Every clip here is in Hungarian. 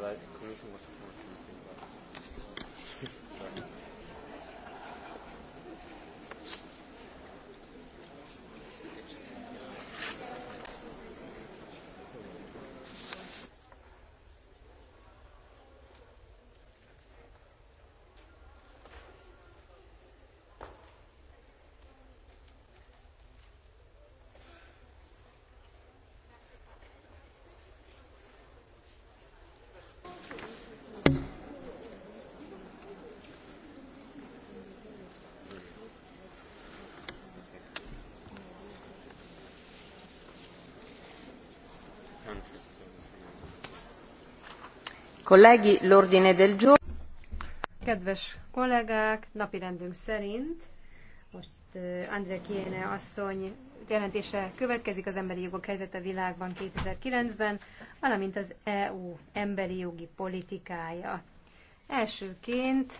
but I, the Commission del Kedves kollégák, napirendünk szerint most Andrea Kiene asszony jelentése következik az emberi jogok helyzete világban 2009-ben, valamint az EU emberi jogi politikája. Elsőként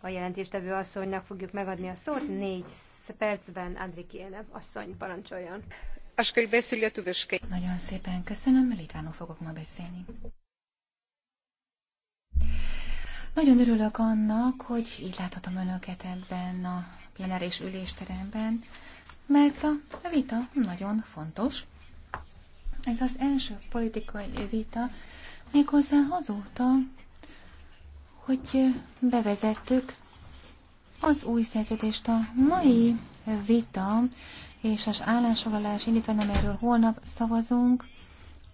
a jelentéstevő asszonynak fogjuk megadni a szót, négy percben Andri Kiene asszony parancsoljon. Aš kalbėsiu lietuviškai. Nagyon szépen köszönöm, litvánul fogok ma beszélni. Nagyon örülök annak, hogy így láthatom önöket ebben a plenáris ülésteremben, mert a vita nagyon fontos. Ez az első politikai vita, méghozzá azóta, hogy bevezettük az új szerződést a mai vita és az állásfoglalás indítvány, amelyről holnap szavazunk,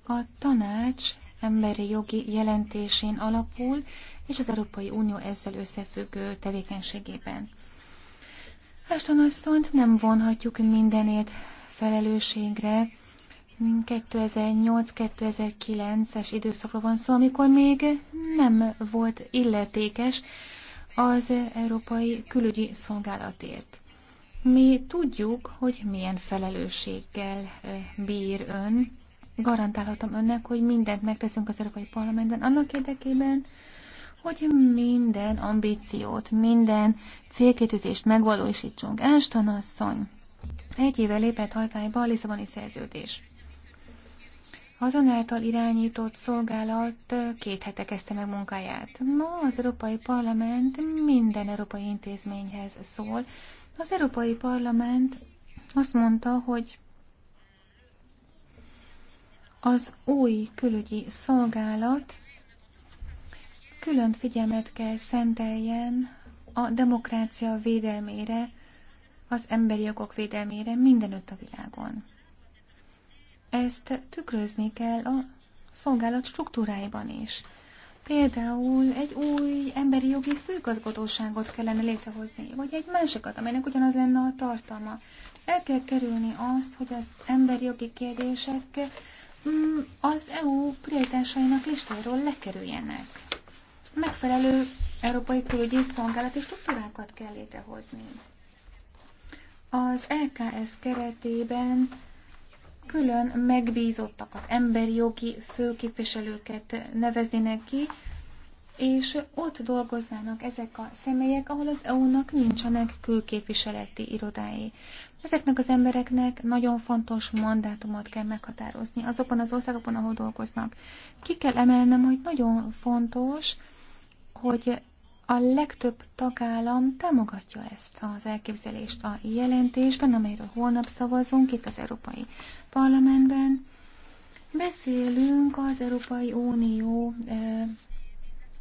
a tanács emberi jogi jelentésén alapul, és az Európai Unió ezzel összefüggő tevékenységében. Ashton asszonyt nem vonhatjuk mindenét felelősségre. 2008-2009-es időszakról van szó, amikor még nem volt illetékes az Európai Külügyi Szolgálatért. Mi tudjuk, hogy milyen felelősséggel eh, bír ön. Garantálhatom önnek, hogy mindent megteszünk az Európai Parlamentben annak érdekében, hogy minden ambíciót, minden célkétűzést megvalósítsunk. Ashton asszony, egy éve lépett hatályba a Lisszaboni szerződés. Azonáltal irányított szolgálat két hete kezdte meg munkáját. Ma az Európai Parlament minden európai intézményhez szól. Az Európai Parlament azt mondta, hogy az új külügyi szolgálat külön figyelmet kell szenteljen a demokrácia védelmére, az emberi jogok védelmére mindenütt a világon. Ezt tükrözni kell a szolgálat struktúráiban is. Például egy új emberi jogi főgazgatóságot kellene létrehozni, vagy egy másikat, amelynek ugyanaz lenne a tartalma. El kell kerülni azt, hogy az emberi jogi kérdések mm, az EU prioritásainak listáról lekerüljenek. Megfelelő európai külügyi szolgálati struktúrákat kell létrehozni. Az LKS e keretében külön megbízottakat, emberi jogi főképviselőket neveznének ki, és ott dolgoznának ezek a személyek, ahol az EU-nak nincsenek külképviseleti irodái. Ezeknek az embereknek nagyon fontos mandátumot kell meghatározni azokon az országokon, ahol dolgoznak. Ki kell emelnem, hogy nagyon fontos, hogy a legtöbb tagállam támogatja ezt az elképzelést a jelentésben, amelyről holnap szavazunk itt az Európai Parlamentben beszélünk az Európai Unió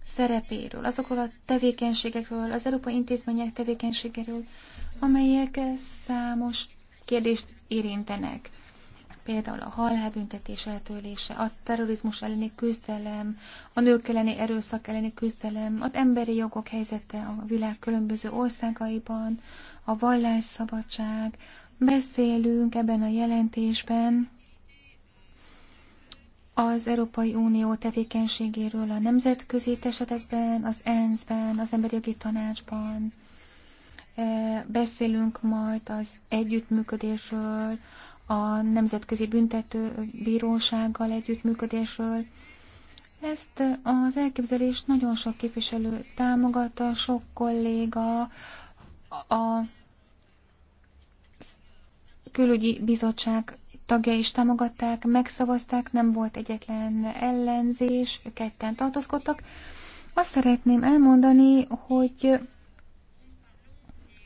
szerepéről, azokról a tevékenységekről, az európai intézmények tevékenységéről, amelyek számos kérdést érintenek. Például a halálbüntetés eltörlése, a terrorizmus elleni küzdelem, a nők elleni erőszak elleni küzdelem, az emberi jogok helyzete a világ különböző országaiban, a vallásszabadság, Beszélünk ebben a jelentésben az Európai Unió tevékenységéről a nemzetközi esetekben, az ENSZ-ben, az Emberi Jogi Tanácsban. E, beszélünk majd az együttműködésről, a Nemzetközi Büntető Bírósággal együttműködésről. Ezt az elképzelést nagyon sok képviselő támogatta, sok kolléga, a külügyi bizottság tagja is támogatták, megszavazták, nem volt egyetlen ellenzés, ketten tartózkodtak. Azt szeretném elmondani, hogy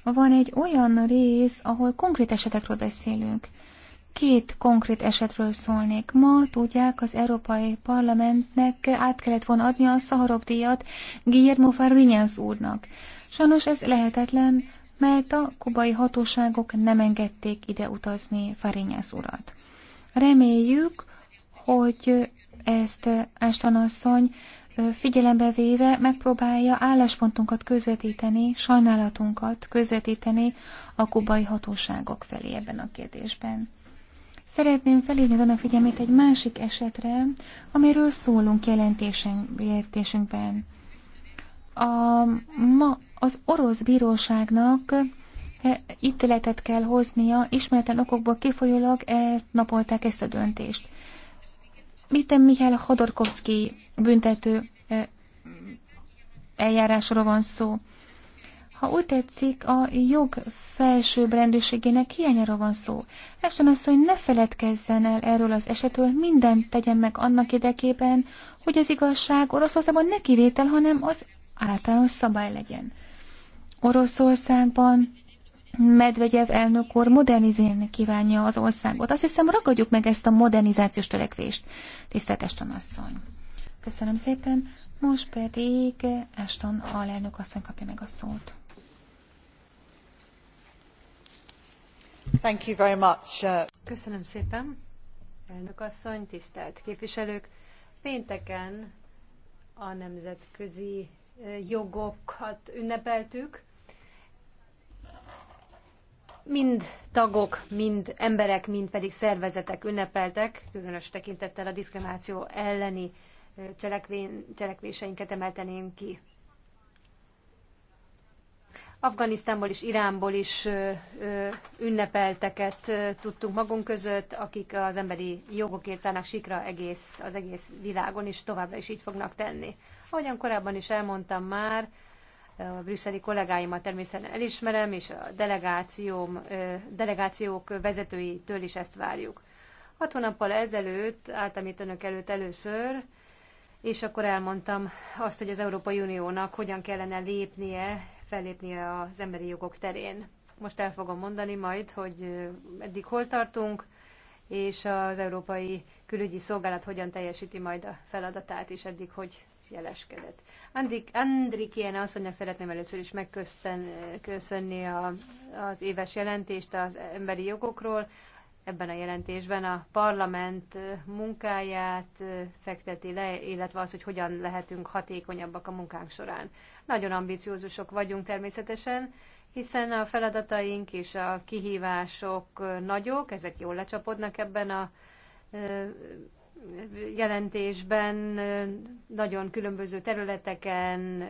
van egy olyan rész, ahol konkrét esetekről beszélünk. Két konkrét esetről szólnék. Ma, tudják, az Európai Parlamentnek át kellett volna adni a Szaharov díjat Guillermo Farrinyász úrnak. Sajnos ez lehetetlen, mert a kubai hatóságok nem engedték ide utazni Farinyász urat. Reméljük, hogy ezt Ástan asszony figyelembe véve megpróbálja álláspontunkat közvetíteni, sajnálatunkat közvetíteni a kubai hatóságok felé ebben a kérdésben. Szeretném felhívni a figyelmét egy másik esetre, amiről szólunk jelentésünkben. A ma az orosz bíróságnak eh, ítéletet kell hoznia, ismeretlen okokból kifolyólag elnapolták ezt a döntést. Miten Mihály Hodorkovszki büntető eh, eljárásról van szó. Ha úgy tetszik, a jog felsőbbrendűségének hiányáról van szó. Esten az, hogy ne feledkezzen el erről az esetről, mindent tegyen meg annak érdekében, hogy az igazság Oroszországban ne kivétel, hanem az általános szabály legyen. Oroszországban Medvegyev elnök úr modernizálni kívánja az országot. Azt hiszem, ragadjuk meg ezt a modernizációs törekvést, tisztelt Eston asszony. Köszönöm szépen, most pedig Eston alelnök asszony kapja meg a szót. Thank you very much. Uh, Köszönöm szépen, elnök asszony, tisztelt képviselők. Pénteken a nemzetközi jogokat ünnepeltük. Mind tagok, mind emberek, mind pedig szervezetek ünnepeltek, különös tekintettel a diszkrimináció elleni cselekvéseinket emeltenénk ki. Afganisztánból és Iránból is ünnepelteket tudtunk magunk között, akik az emberi jogokért szállnak sikra egész, az egész világon, és továbbra is így fognak tenni. Ahogyan korábban is elmondtam már, a brüsszeli kollégáimat természetesen elismerem, és a delegációm, delegációk vezetőitől is ezt várjuk. Hat hónappal ezelőtt álltam itt önök előtt először, és akkor elmondtam azt, hogy az Európai Uniónak hogyan kellene lépnie fellépnie az emberi jogok terén. Most el fogom mondani majd, hogy eddig hol tartunk, és az Európai Külügyi Szolgálat hogyan teljesíti majd a feladatát, és eddig hogy jeleskedett. Andrik, Andrik ilyen asszonynak szeretném először is megköszönni a, az éves jelentést az emberi jogokról, ebben a jelentésben a parlament munkáját fekteti le, illetve az, hogy hogyan lehetünk hatékonyabbak a munkánk során. Nagyon ambiciózusok vagyunk természetesen, hiszen a feladataink és a kihívások nagyok, ezek jól lecsapodnak ebben a jelentésben, nagyon különböző területeken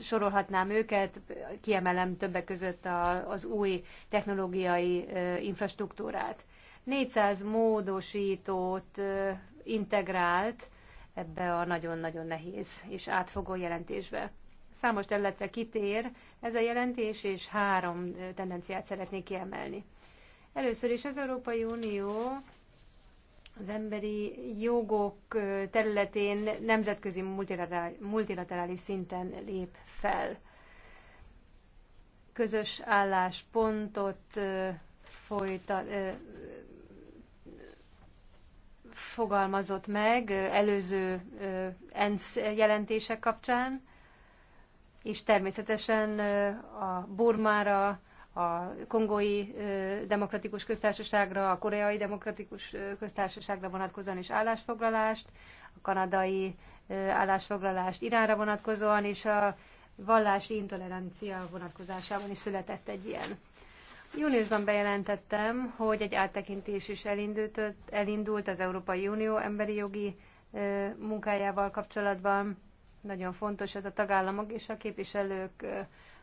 sorolhatnám őket, kiemelem többek között a, az új technológiai infrastruktúrát. 400 módosítót integrált ebbe a nagyon-nagyon nehéz és átfogó jelentésbe. Számos területre kitér ez a jelentés, és három tendenciát szeretnék kiemelni. Először is az Európai Unió az emberi jogok területén nemzetközi multilaterális szinten lép fel. Közös álláspontot folyta, fogalmazott meg előző ENSZ jelentések kapcsán, és természetesen a Burmára a kongói demokratikus köztársaságra, a koreai demokratikus köztársaságra vonatkozóan is állásfoglalást, a kanadai állásfoglalást Iránra vonatkozóan, és a vallási intolerancia vonatkozásában is született egy ilyen. Júniusban bejelentettem, hogy egy áttekintés is elindult, elindult az Európai Unió emberi jogi munkájával kapcsolatban. Nagyon fontos ez a tagállamok és a képviselők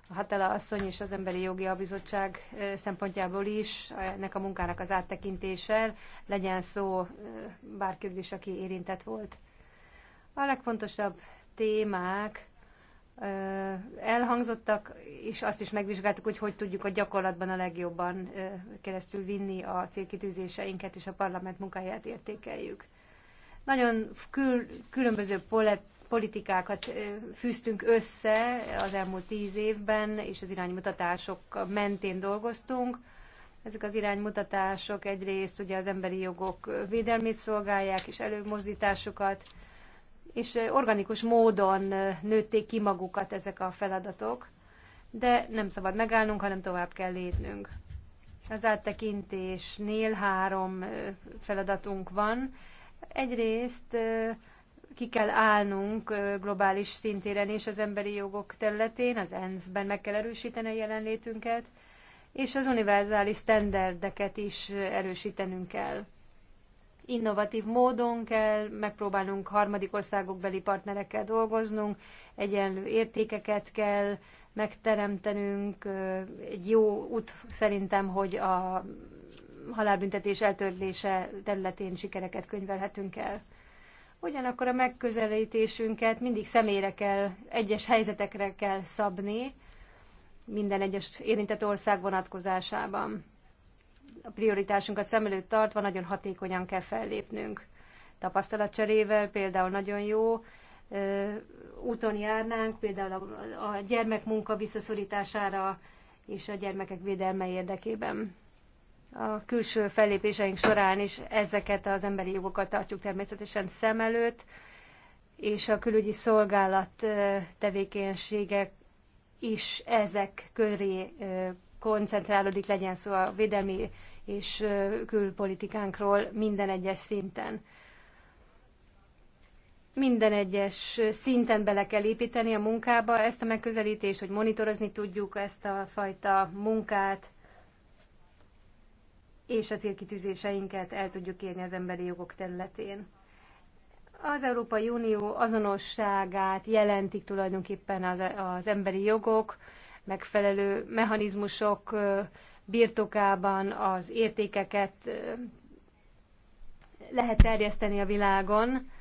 a Hatala asszony és az Emberi Jogi Bizottság szempontjából is ennek a munkának az áttekintéssel legyen szó bárkiről is, aki érintett volt. A legfontosabb témák elhangzottak, és azt is megvizsgáltuk, hogy hogy tudjuk a gyakorlatban a legjobban keresztül vinni a célkitűzéseinket, és a parlament munkáját értékeljük. Nagyon kül, különböző politikákat fűztünk össze az elmúlt tíz évben, és az iránymutatások mentén dolgoztunk. Ezek az iránymutatások egyrészt ugye az emberi jogok védelmét szolgálják, és előmozdításukat, és organikus módon nőtték ki magukat ezek a feladatok, de nem szabad megállnunk, hanem tovább kell lépnünk. Az áttekintésnél három feladatunk van. Egyrészt ki kell állnunk globális szintéren és az emberi jogok területén, az ENSZ-ben meg kell erősíteni a jelenlétünket, és az univerzális standardeket is erősítenünk kell. Innovatív módon kell megpróbálnunk harmadik országokbeli partnerekkel dolgoznunk, egyenlő értékeket kell megteremtenünk. Egy jó út szerintem, hogy a halálbüntetés eltörlése területén sikereket könyvelhetünk el. Ugyanakkor a megközelítésünket mindig személyre kell, egyes helyzetekre kell szabni, minden egyes érintett ország vonatkozásában. A prioritásunkat szem előtt tartva nagyon hatékonyan kell fellépnünk. Tapasztalatcserével például nagyon jó úton járnánk, például a, a gyermekmunka visszaszorítására és a gyermekek védelme érdekében a külső fellépéseink során is ezeket az emberi jogokat tartjuk természetesen szem előtt, és a külügyi szolgálat tevékenységek is ezek köré koncentrálódik, legyen szó a védelmi és külpolitikánkról minden egyes szinten. Minden egyes szinten bele kell építeni a munkába ezt a megközelítést, hogy monitorozni tudjuk ezt a fajta munkát, és a célkitűzéseinket el tudjuk érni az emberi jogok területén. Az Európai Unió azonosságát jelentik tulajdonképpen az, az emberi jogok, megfelelő mechanizmusok birtokában az értékeket lehet terjeszteni a világon.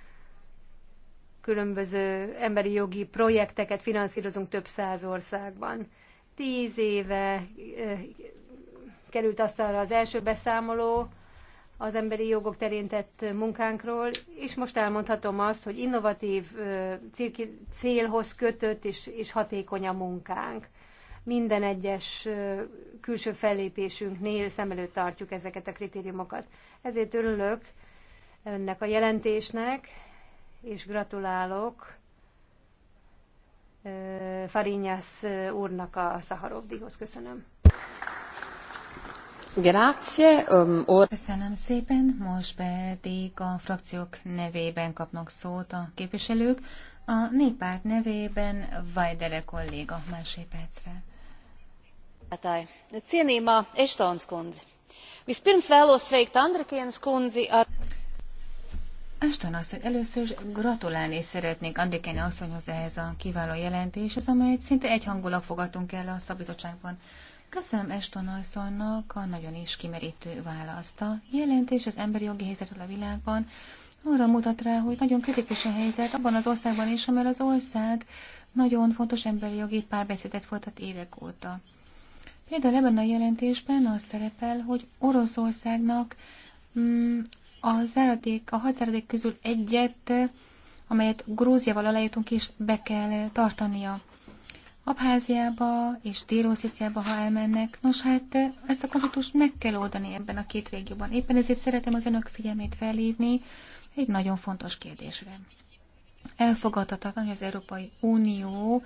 Különböző emberi jogi projekteket finanszírozunk több száz országban. Tíz éve került asztalra az első beszámoló az emberi jogok terén tett munkánkról, és most elmondhatom azt, hogy innovatív célhoz kötött és, és hatékony a munkánk. Minden egyes külső fellépésünknél szem előtt tartjuk ezeket a kritériumokat. Ezért örülök ennek a jelentésnek, és gratulálok Farinyász úrnak a Szaharov Köszönöm. Grazie. Um, or... Köszönöm szépen, most pedig a frakciók nevében kapnak szót a képviselők. A néppárt nevében Vajdele kolléga másé percre. Cienījumā Eštons kundze. Vispirms vēlos sveikt Andrikienas kundzi ar... Ashton asszony, először gratulálni szeretnék Andrikéni asszonyhoz ehhez a kiváló jelentéshez, amelyet szinte egyhangulag fogadtunk el a szabizottságban. Köszönöm Eston Alszonnak a nagyon is kimerítő választ. A jelentés az emberi jogi helyzetről a világban arra mutat rá, hogy nagyon kritikus a helyzet abban az országban is, amely az ország nagyon fontos emberi jogi párbeszédet folytat évek óta. Például ebben a jelentésben az szerepel, hogy Oroszországnak mm, a, záradék, a hat záradék közül egyet, amelyet Grúziával aláírtunk is, be kell tartania. Abháziába és Dél-Oszéciába, ha elmennek. Nos, hát eh, ezt a konfliktust meg kell oldani ebben a két régióban. Éppen ezért szeretem az önök figyelmét felhívni egy nagyon fontos kérdésre. Elfogadhatatlan, hogy az Európai Unió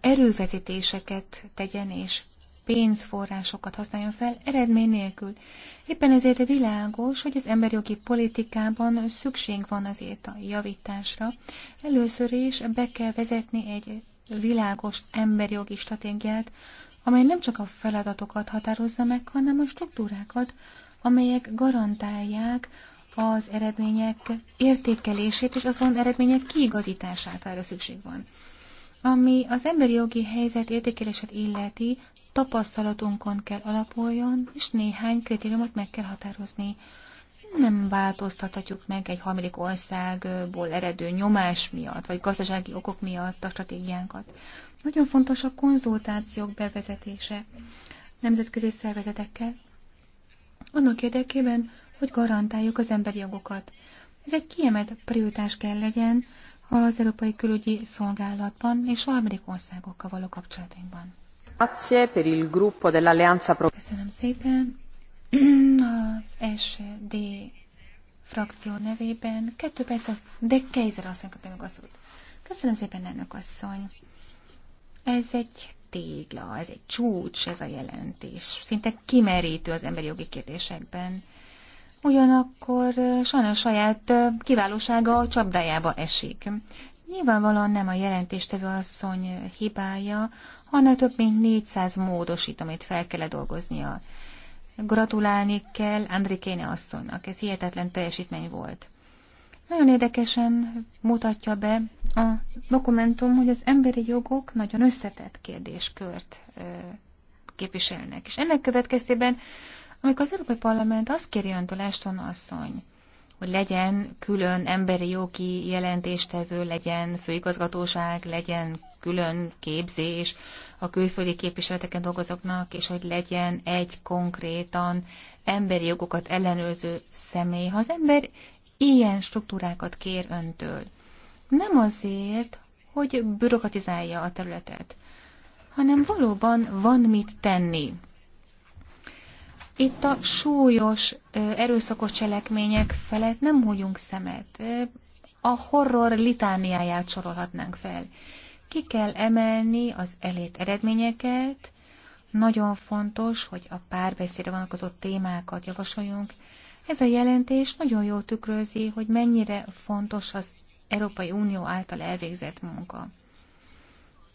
erővezetéseket tegyen és pénzforrásokat használjon fel eredmény nélkül. Éppen ezért világos, hogy az emberjogi politikában szükség van azért a javításra. Először is be kell vezetni egy világos emberjogi stratégiát, amely nem csak a feladatokat határozza meg, hanem a struktúrákat, amelyek garantálják az eredmények értékelését és azon eredmények kiigazítását, erre szükség van. Ami az emberi jogi helyzet értékelését illeti, tapasztalatunkon kell alapuljon, és néhány kritériumot meg kell határozni nem változtathatjuk meg egy harmadik országból eredő nyomás miatt, vagy gazdasági okok miatt a stratégiánkat. Nagyon fontos a konzultációk bevezetése nemzetközi szervezetekkel, annak érdekében, hogy garantáljuk az emberi jogokat. Ez egy kiemelt prioritás kell legyen az Európai Külügyi Szolgálatban és a harmadik országokkal való kapcsolatainkban. Köszönöm szépen! Az SD frakció nevében kettő perc az, de Kejzer asszony kapja meg az út. Köszönöm szépen, elnök asszony. Ez egy tégla, ez egy csúcs, ez a jelentés. Szinte kimerítő az emberi jogi kérdésekben. Ugyanakkor sajnos saját kiválósága a csapdájába esik. Nyilvánvalóan nem a jelentéstevő asszony hibája, hanem több mint 400 módosít, amit fel kell dolgoznia. Gratulálni kell Andrikéne asszonynak, ez hihetetlen teljesítmény volt. Nagyon érdekesen mutatja be a dokumentum, hogy az emberi jogok nagyon összetett kérdéskört képviselnek. És ennek következtében, amikor az Európai Parlament azt kéri öntől, Ashton asszony, hogy legyen külön emberi jogi jelentéstevő, legyen főigazgatóság, legyen külön képzés a külföldi képviseleteken dolgozóknak, és hogy legyen egy konkrétan emberi jogokat ellenőrző személy. Ha az ember ilyen struktúrákat kér öntől, nem azért, hogy bürokratizálja a területet, hanem valóban van mit tenni. Itt a súlyos erőszakos cselekmények felett nem húgyunk szemet. A horror litániáját sorolhatnánk fel. Ki kell emelni az elét eredményeket, nagyon fontos, hogy a párbeszédre vonatkozó témákat javasoljunk. Ez a jelentés nagyon jól tükrözi, hogy mennyire fontos az Európai Unió által elvégzett munka.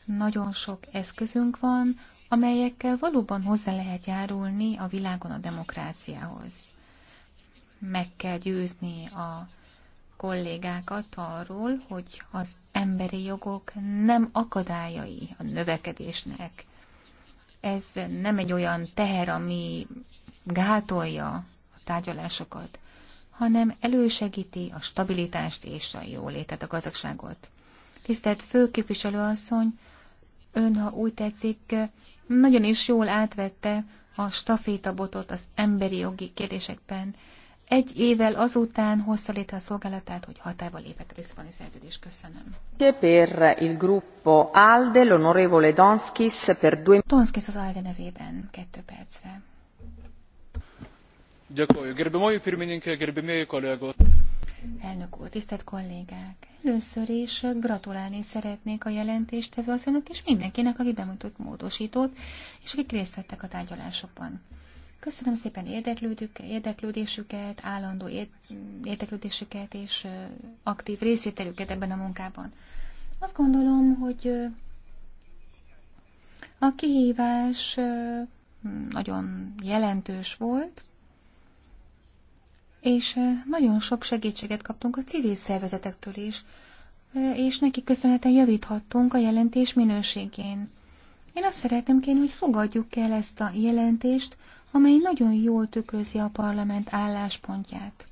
Nagyon sok eszközünk van, amelyekkel valóban hozzá lehet járulni a világon a demokráciához. Meg kell győzni a kollégákat arról, hogy az emberi jogok nem akadályai a növekedésnek. Ez nem egy olyan teher, ami gátolja a tárgyalásokat, hanem elősegíti a stabilitást és a jólétet, a gazdagságot. Tisztelt főképviselőasszony, ön, ha úgy tetszik, nagyon is jól átvette a stafétabotot az emberi jogi kérdésekben. Egy évvel azután hozta létre a szolgálatát, hogy hatába lépett a Lisszaboni szerződés. Köszönöm. Per il gruppo ALDE, l'onorevole Donskis per due... Donskis az ALDE nevében, kettő percre. Gyakorló. Gerbimoji pirmininke, gerbimieji kollégok. Elnök úr, tisztelt kollégák! Először is gratulálni szeretnék a jelentéstevő önök és mindenkinek, aki bemutatott módosítót, és akik részt vettek a tárgyalásokban. Köszönöm szépen érdeklődésüket, állandó érdeklődésüket és aktív részvételüket ebben a munkában. Azt gondolom, hogy a kihívás nagyon jelentős volt, és nagyon sok segítséget kaptunk a civil szervezetektől is, és neki köszönhetően javíthattunk a jelentés minőségén. Én azt szeretném kérni, hogy fogadjuk el ezt a jelentést, amely nagyon jól tükrözi a parlament álláspontját.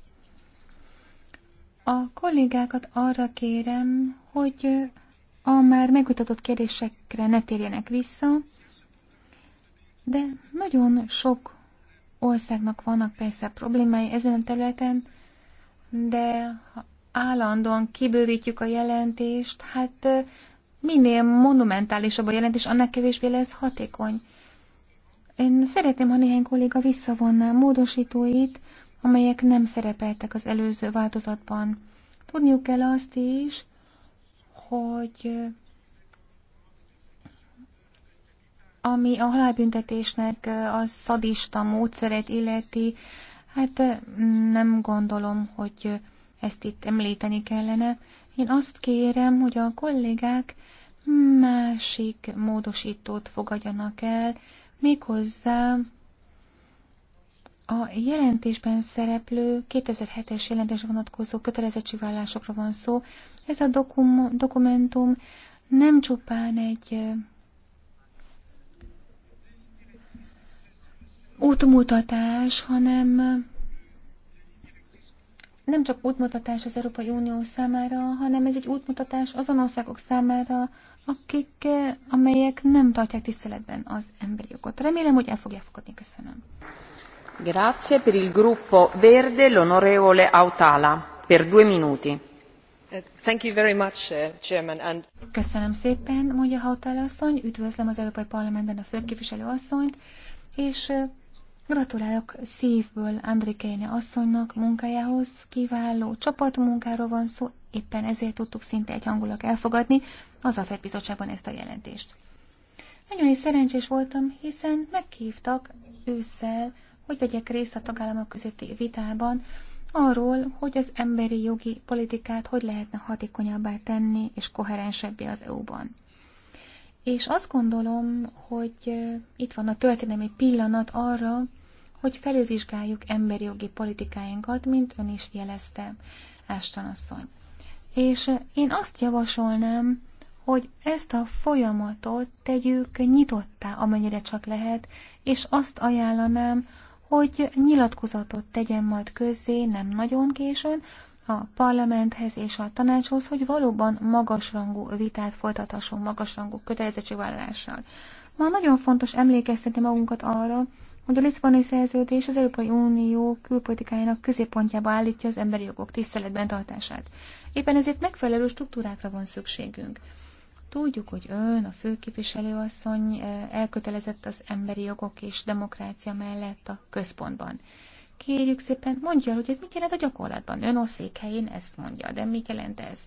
A kollégákat arra kérem, hogy a már megvitatott kérdésekre ne térjenek vissza, de nagyon sok országnak vannak persze problémái ezen a területen, de ha állandóan kibővítjük a jelentést, hát minél monumentálisabb a jelentés, annak kevésbé lesz hatékony. Én szeretném, ha néhány kolléga visszavonná módosítóit, amelyek nem szerepeltek az előző változatban. Tudniuk kell azt is, hogy Ami a halálbüntetésnek a szadista módszeret illeti, hát nem gondolom, hogy ezt itt említeni kellene. Én azt kérem, hogy a kollégák másik módosítót fogadjanak el, méghozzá a jelentésben szereplő 2007-es jelentés vonatkozó kötelezettségvállásokra van szó. Ez a dokum, dokumentum nem csupán egy útmutatás, hanem eh, nem csak útmutatás az Európai Unió számára, hanem ez egy útmutatás azon országok számára, akik, eh, amelyek nem tartják tiszteletben az emberi jogot. Remélem, hogy el fogja fogadni. Köszönöm. Grazie per il gruppo Verde l'onorevole Autala per due minuti. Thank you very much, eh, Chairman. And... Köszönöm szépen, mondja Hautala asszony, üdvözlöm az Európai Parlamentben a főképviselő asszonyt, és Gratulálok szívből Andrikéne asszonynak munkájához, kiváló csapatmunkáról van szó, éppen ezért tudtuk szinte hangulak elfogadni az a bizottságban ezt a jelentést. Nagyon is szerencsés voltam, hiszen meghívtak ősszel, hogy vegyek részt a tagállamok közötti vitában arról, hogy az emberi jogi politikát hogy lehetne hatékonyabbá tenni és koherensebbé az EU-ban. És azt gondolom, hogy itt van a történelmi pillanat arra, hogy felülvizsgáljuk emberi jogi politikáinkat, mint ön is jelezte, Ashton asszony. És én azt javasolnám, hogy ezt a folyamatot tegyük nyitottá, amennyire csak lehet, és azt ajánlanám, hogy nyilatkozatot tegyen majd közzé, nem nagyon későn, a parlamenthez és a tanácshoz, hogy valóban magasrangú vitát folytathasson, magasrangú kötelezettségvállalással. Ma nagyon fontos emlékeztetni magunkat arra, hogy a Lisszaboni szerződés az Európai Unió külpolitikájának középpontjába állítja az emberi jogok tiszteletben tartását. Éppen ezért megfelelő struktúrákra van szükségünk. Tudjuk, hogy ön, a főképviselőasszony eh, elkötelezett az emberi jogok és demokrácia mellett a központban kérjük szépen, mondja hogy ez mit jelent a gyakorlatban. Ön a székhelyén ezt mondja, de mit jelent ez?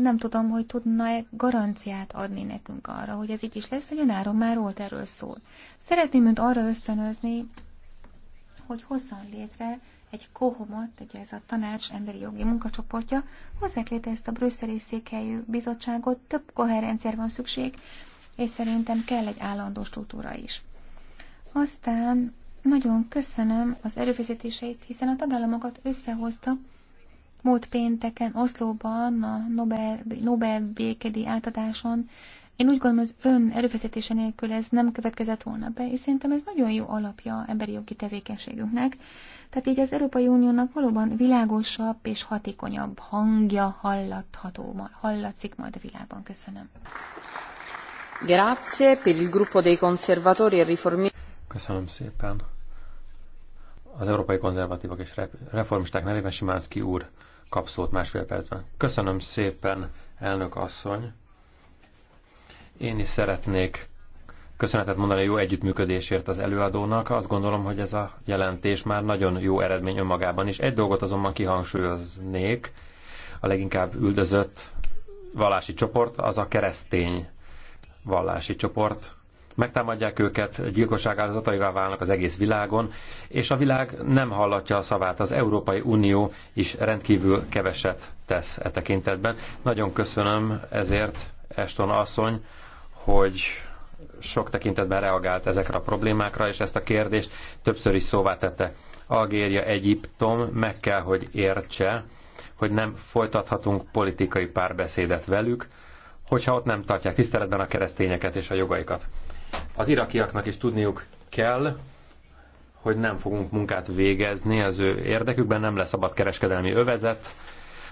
Nem tudom, hogy tudna-e garanciát adni nekünk arra, hogy ez így is lesz, hogy önáron már volt erről szó. Szeretném önt arra ösztönözni, hogy hozzon létre egy kohomot, ugye ez a tanács emberi jogi munkacsoportja, hozzák létre ezt a brüsszeli székhelyű bizottságot, több koherenciára van szükség, és szerintem kell egy állandó struktúra is. Aztán nagyon köszönöm az erőfeszítéseit, hiszen a tagállamokat összehozta múlt pénteken Oszlóban a Nobel, Nobel békedi átadáson. Én úgy gondolom, az ön erőfeszítése nélkül ez nem következett volna be, és szerintem ez nagyon jó alapja emberi jogi tevékenységünknek. Tehát így az Európai Uniónak valóban világosabb és hatékonyabb hangja hallatható, hallatszik majd a világban. Köszönöm. Grazie per il gruppo dei conservatori e riformisti. Köszönöm szépen. Az európai konzervatívok és reformisták nevében Simánszki úr kap szót másfél percben. Köszönöm szépen, elnök asszony. Én is szeretnék köszönetet mondani a jó együttműködésért az előadónak. Azt gondolom, hogy ez a jelentés már nagyon jó eredmény önmagában is. Egy dolgot azonban kihangsúlyoznék, a leginkább üldözött vallási csoport, az a keresztény vallási csoport, megtámadják őket, gyilkosság áldozataivá válnak az egész világon, és a világ nem hallatja a szavát. Az Európai Unió is rendkívül keveset tesz e tekintetben. Nagyon köszönöm ezért, Eston asszony, hogy sok tekintetben reagált ezekre a problémákra, és ezt a kérdést többször is szóvá tette. Algéria, Egyiptom meg kell, hogy értse, hogy nem folytathatunk politikai párbeszédet velük, hogyha ott nem tartják tiszteletben a keresztényeket és a jogaikat. Az irakiaknak is tudniuk kell, hogy nem fogunk munkát végezni az ő érdekükben, nem lesz szabad kereskedelmi övezet,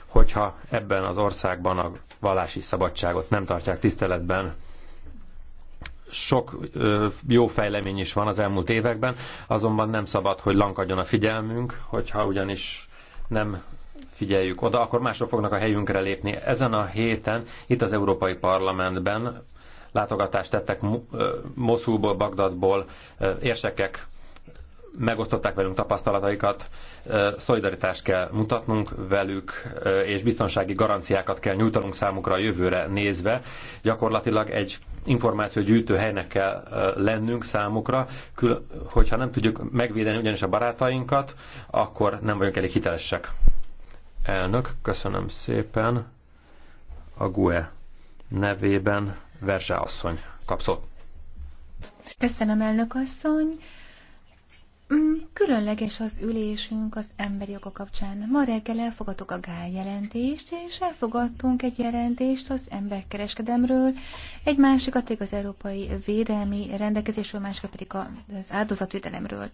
hogyha ebben az országban a vallási szabadságot nem tartják tiszteletben. Sok jó fejlemény is van az elmúlt években, azonban nem szabad, hogy lankadjon a figyelmünk, hogyha ugyanis nem figyeljük oda, akkor mások fognak a helyünkre lépni. Ezen a héten itt az Európai Parlamentben látogatást tettek Moszulból, Bagdadból, érsekek megosztották velünk tapasztalataikat, szolidaritást kell mutatnunk velük, és biztonsági garanciákat kell nyújtanunk számukra a jövőre nézve. Gyakorlatilag egy információgyűjtő helynek kell lennünk számukra, hogyha nem tudjuk megvédeni ugyanis a barátainkat, akkor nem vagyunk elég hitelesek. Elnök, köszönöm szépen. A GUE nevében Verse asszony kapszott. Köszönöm, elnök asszony. Mm, különleges az ülésünk az emberi jogok kapcsán. Ma reggel elfogadtuk a Gál jelentést, és elfogadtunk egy jelentést az emberkereskedemről, egy másikat pedig az európai védelmi rendelkezésről, másikat pedig az áldozatvédelemről.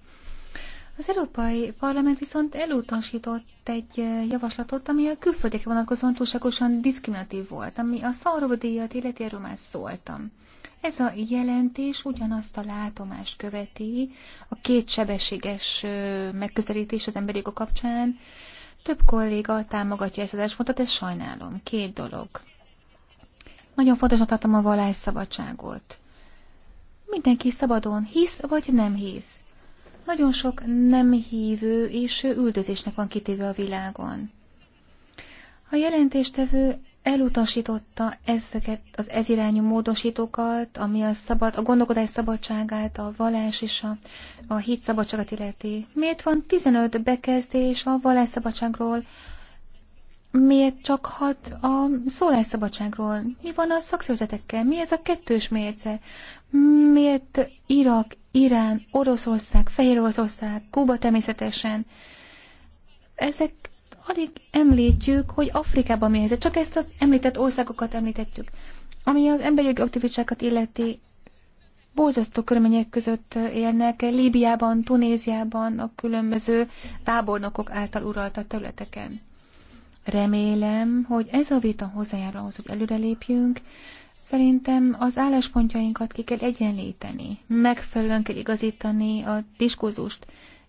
Az Európai Parlament viszont elutasított egy javaslatot, ami a külföldekre vonatkozóan túlságosan diszkriminatív volt, ami a szarvodíjat illeti, erről már szóltam. Ez a jelentés ugyanazt a látomást követi, a kétsebességes megközelítés az emberi kapcsán. Több kolléga támogatja ezt az álláspontot, ezt sajnálom. Két dolog. Nagyon fontosnak tartom a vallásszabadságot. Mindenki szabadon hisz vagy nem hisz. Nagyon sok nem hívő és üldözésnek van kitéve a világon. A jelentéstevő elutasította ezeket az ezirányú módosítókat, ami a, szabad, a gondolkodás szabadságát, a vallás és a, a hit szabadságát illeti. Miért van 15 bekezdés a vallás szabadságról? Miért csak hat a szólásszabadságról? Mi van a szakszervezetekkel? Mi ez a kettős mérce? Miért Irak Irán, Oroszország, Fehér Oroszország, Kuba természetesen. Ezek alig említjük, hogy Afrikában mi helyzet. Csak ezt az említett országokat említettük. Ami az emberi jogi aktivitásokat illeti, borzasztó körülmények között élnek Líbiában, Tunéziában, a különböző tábornokok által uralta területeken. Remélem, hogy ez a vita hozzájárul ahhoz, hogy előrelépjünk, Szerintem az álláspontjainkat ki kell egyenlíteni, megfelelően kell igazítani a diskuzust,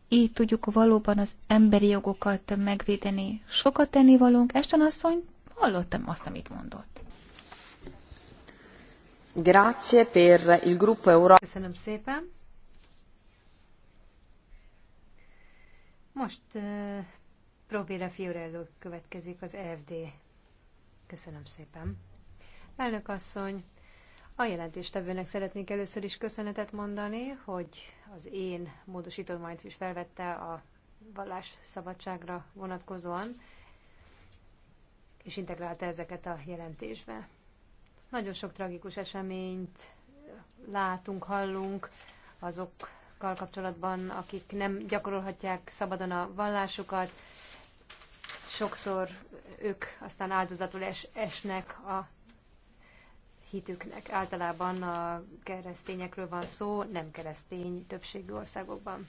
így tudjuk valóban az emberi jogokat megvédeni. Sokat tennivalónk, Esten asszony, hallottam azt, amit mondott. Grazie per il gruppo Europa. Köszönöm szépen. Most uh, Provera Fiorello következik az EFD. Köszönöm szépen. Elnök asszony, a jelentéstevőnek szeretnék először is köszönetet mondani, hogy az én módosítományt is felvette a vallás szabadságra vonatkozóan, és integrálta ezeket a jelentésbe. Nagyon sok tragikus eseményt látunk, hallunk azokkal kapcsolatban, akik nem gyakorolhatják szabadon a vallásukat, sokszor ők aztán áldozatul es, esnek a hitüknek. Általában a keresztényekről van szó, nem keresztény többségű országokban.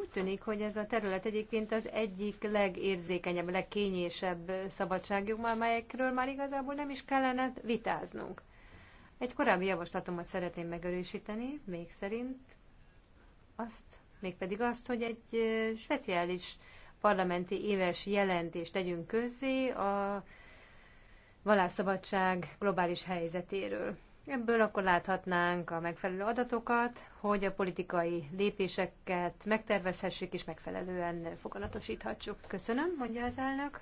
Úgy tűnik, hogy ez a terület egyébként az egyik legérzékenyebb, legkényésebb szabadságjuk, amelyekről már igazából nem is kellene vitáznunk. Egy korábbi javaslatomat szeretném megerősíteni, még szerint azt, mégpedig azt, hogy egy speciális parlamenti éves jelentést tegyünk közzé a vallásszabadság globális helyzetéről. Ebből akkor láthatnánk a megfelelő adatokat, hogy a politikai lépéseket megtervezhessük és megfelelően foganatosíthatjuk. Köszönöm, mondja az elnök.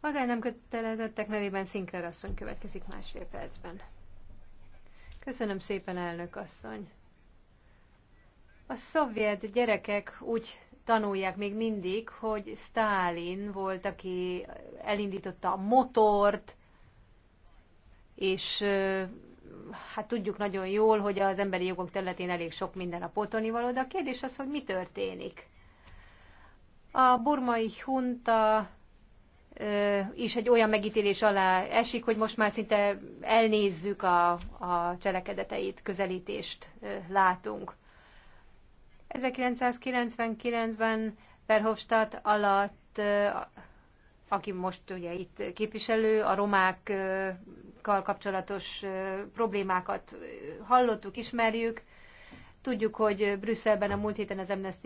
Az el nem kötelezettek nevében Szinkler asszony következik másfél percben. Köszönöm szépen, elnök asszony. A szovjet gyerekek úgy tanulják még mindig, hogy Stálin volt, aki elindította a motort, és hát tudjuk nagyon jól, hogy az emberi jogok területén elég sok minden a potonivaló, de a kérdés az, hogy mi történik. A burmai hunta is egy olyan megítélés alá esik, hogy most már szinte elnézzük a, a cselekedeteit, közelítést látunk. 1999-ben Verhofstadt alatt aki most ugye itt képviselő, a romákkal kapcsolatos problémákat hallottuk, ismerjük. Tudjuk, hogy Brüsszelben a múlt héten az Amnesty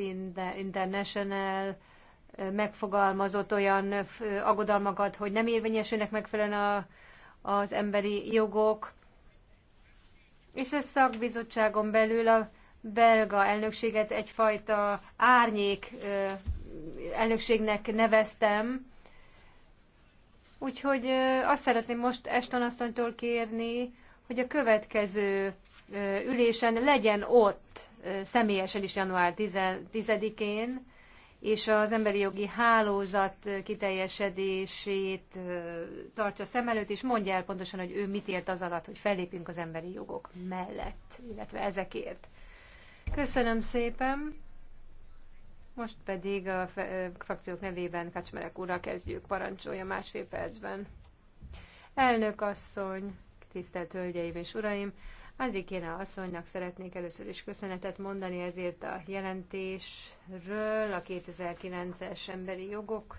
International megfogalmazott olyan aggodalmakat, hogy nem érvényesülnek megfelelően a, az emberi jogok. És ez szakbizottságon belül a belga elnökséget egyfajta árnyék elnökségnek neveztem, Úgyhogy azt szeretném most Eston asszonytól kérni, hogy a következő ülésen legyen ott személyesen is január 10-én, és az emberi jogi hálózat kiteljesedését tartsa szem előtt, és mondja el pontosan, hogy ő mit ért az alatt, hogy fellépünk az emberi jogok mellett, illetve ezekért. Köszönöm szépen! Most pedig a frakciók nevében Kacsmerek úrra kezdjük. Parancsolja másfél percben. Elnök asszony, tisztelt hölgyeim és uraim! Andrikéna asszonynak szeretnék először is köszönetet mondani ezért a jelentésről, a 2009-es emberi jogok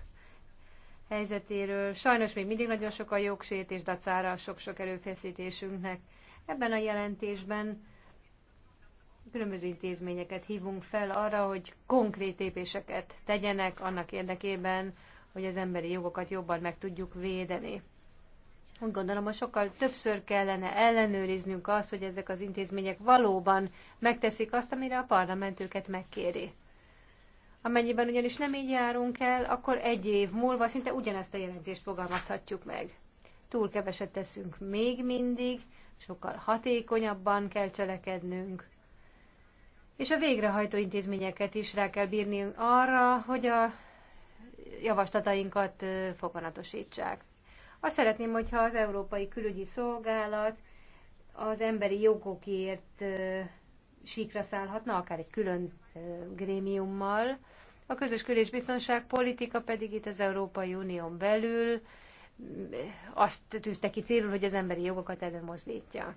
helyzetéről. Sajnos még mindig nagyon sok a jogsértés dacára sok-sok erőfeszítésünknek. Ebben a jelentésben különböző intézményeket hívunk fel arra, hogy konkrét lépéseket tegyenek annak érdekében, hogy az emberi jogokat jobban meg tudjuk védeni. Úgy gondolom, hogy sokkal többször kellene ellenőriznünk azt, hogy ezek az intézmények valóban megteszik azt, amire a parlament őket megkéri. Amennyiben ugyanis nem így járunk el, akkor egy év múlva szinte ugyanezt a jelentést fogalmazhatjuk meg. Túl keveset teszünk még mindig, sokkal hatékonyabban kell cselekednünk, és a végrehajtó intézményeket is rá kell bírni arra, hogy a javaslatainkat foganatosítsák. Azt szeretném, hogyha az Európai Külügyi Szolgálat az emberi jogokért síkra szállhatna, akár egy külön grémiummal. A közös kül- és biztonságpolitika pedig itt az Európai Unión belül azt tűzte ki célul, hogy az emberi jogokat előmozdítja.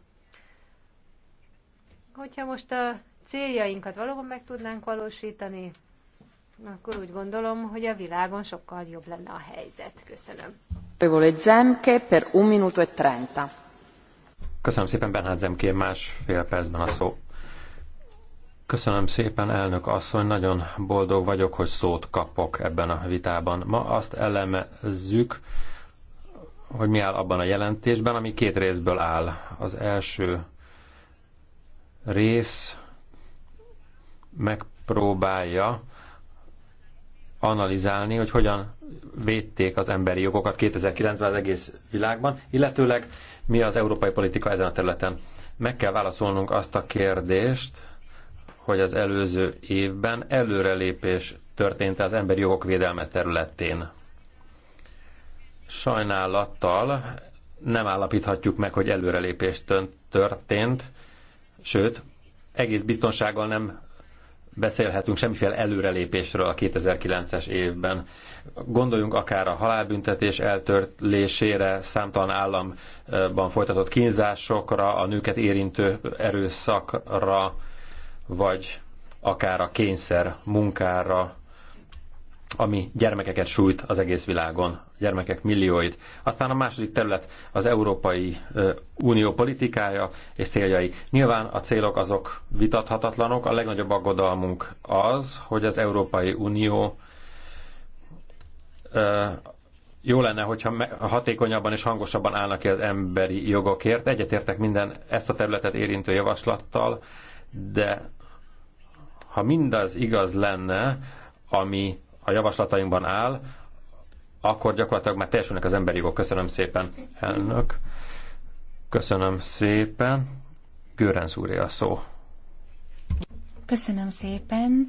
Hogyha most a céljainkat valóban meg tudnánk valósítani, akkor úgy gondolom, hogy a világon sokkal jobb lenne a helyzet. Köszönöm. per un minuto e trenta. Köszönöm szépen, Bernhard Zemke, másfél percben a szó. Köszönöm szépen, elnök asszony, nagyon boldog vagyok, hogy szót kapok ebben a vitában. Ma azt elemezzük, hogy mi áll abban a jelentésben, ami két részből áll. Az első rész megpróbálja analizálni, hogy hogyan védték az emberi jogokat 2009-ben az egész világban, illetőleg mi az európai politika ezen a területen. Meg kell válaszolnunk azt a kérdést, hogy az előző évben előrelépés történt az emberi jogok védelme területén. Sajnálattal nem állapíthatjuk meg, hogy előrelépés történt, sőt, egész biztonsággal nem beszélhetünk semmiféle előrelépésről a 2009-es évben. Gondoljunk akár a halálbüntetés eltörlésére, számtalan államban folytatott kínzásokra, a nőket érintő erőszakra, vagy akár a kényszer munkára, ami gyermekeket sújt az egész világon gyermekek millióit. Aztán a második terület az Európai Unió politikája és céljai. Nyilván a célok azok vitathatatlanok. A legnagyobb aggodalmunk az, hogy az Európai Unió jó lenne, hogyha hatékonyabban és hangosabban állnak ki az emberi jogokért. Egyetértek minden ezt a területet érintő javaslattal, de ha mindaz igaz lenne, ami a javaslatainkban áll, akkor gyakorlatilag már teljesülnek az emberi jogok. Köszönöm szépen, elnök. Köszönöm szépen. Görenc úré a szó. Köszönöm szépen.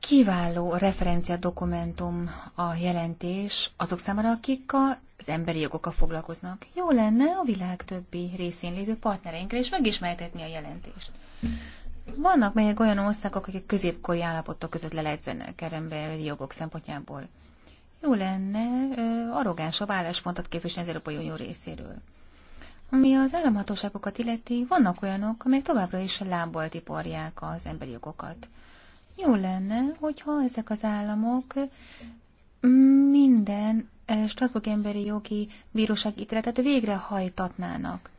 Kiváló referencia dokumentum a jelentés azok számára, akik az emberi jogokkal foglalkoznak. Jó lenne a világ többi részén lévő partnereinkre is megismertetni a jelentést. Vannak melyek olyan országok, akik középkori állapotok között lelegyzenek emberi jogok szempontjából. Jó lenne arrogánsabb álláspontot képviselni az Európai Unió részéről. Ami az államhatóságokat illeti, vannak olyanok, amelyek továbbra is lábbal tiporják az emberi jogokat. Jó lenne, hogyha ezek az államok mm, minden Strasbourg emberi jogi bíróság ítéletet végrehajtatnának.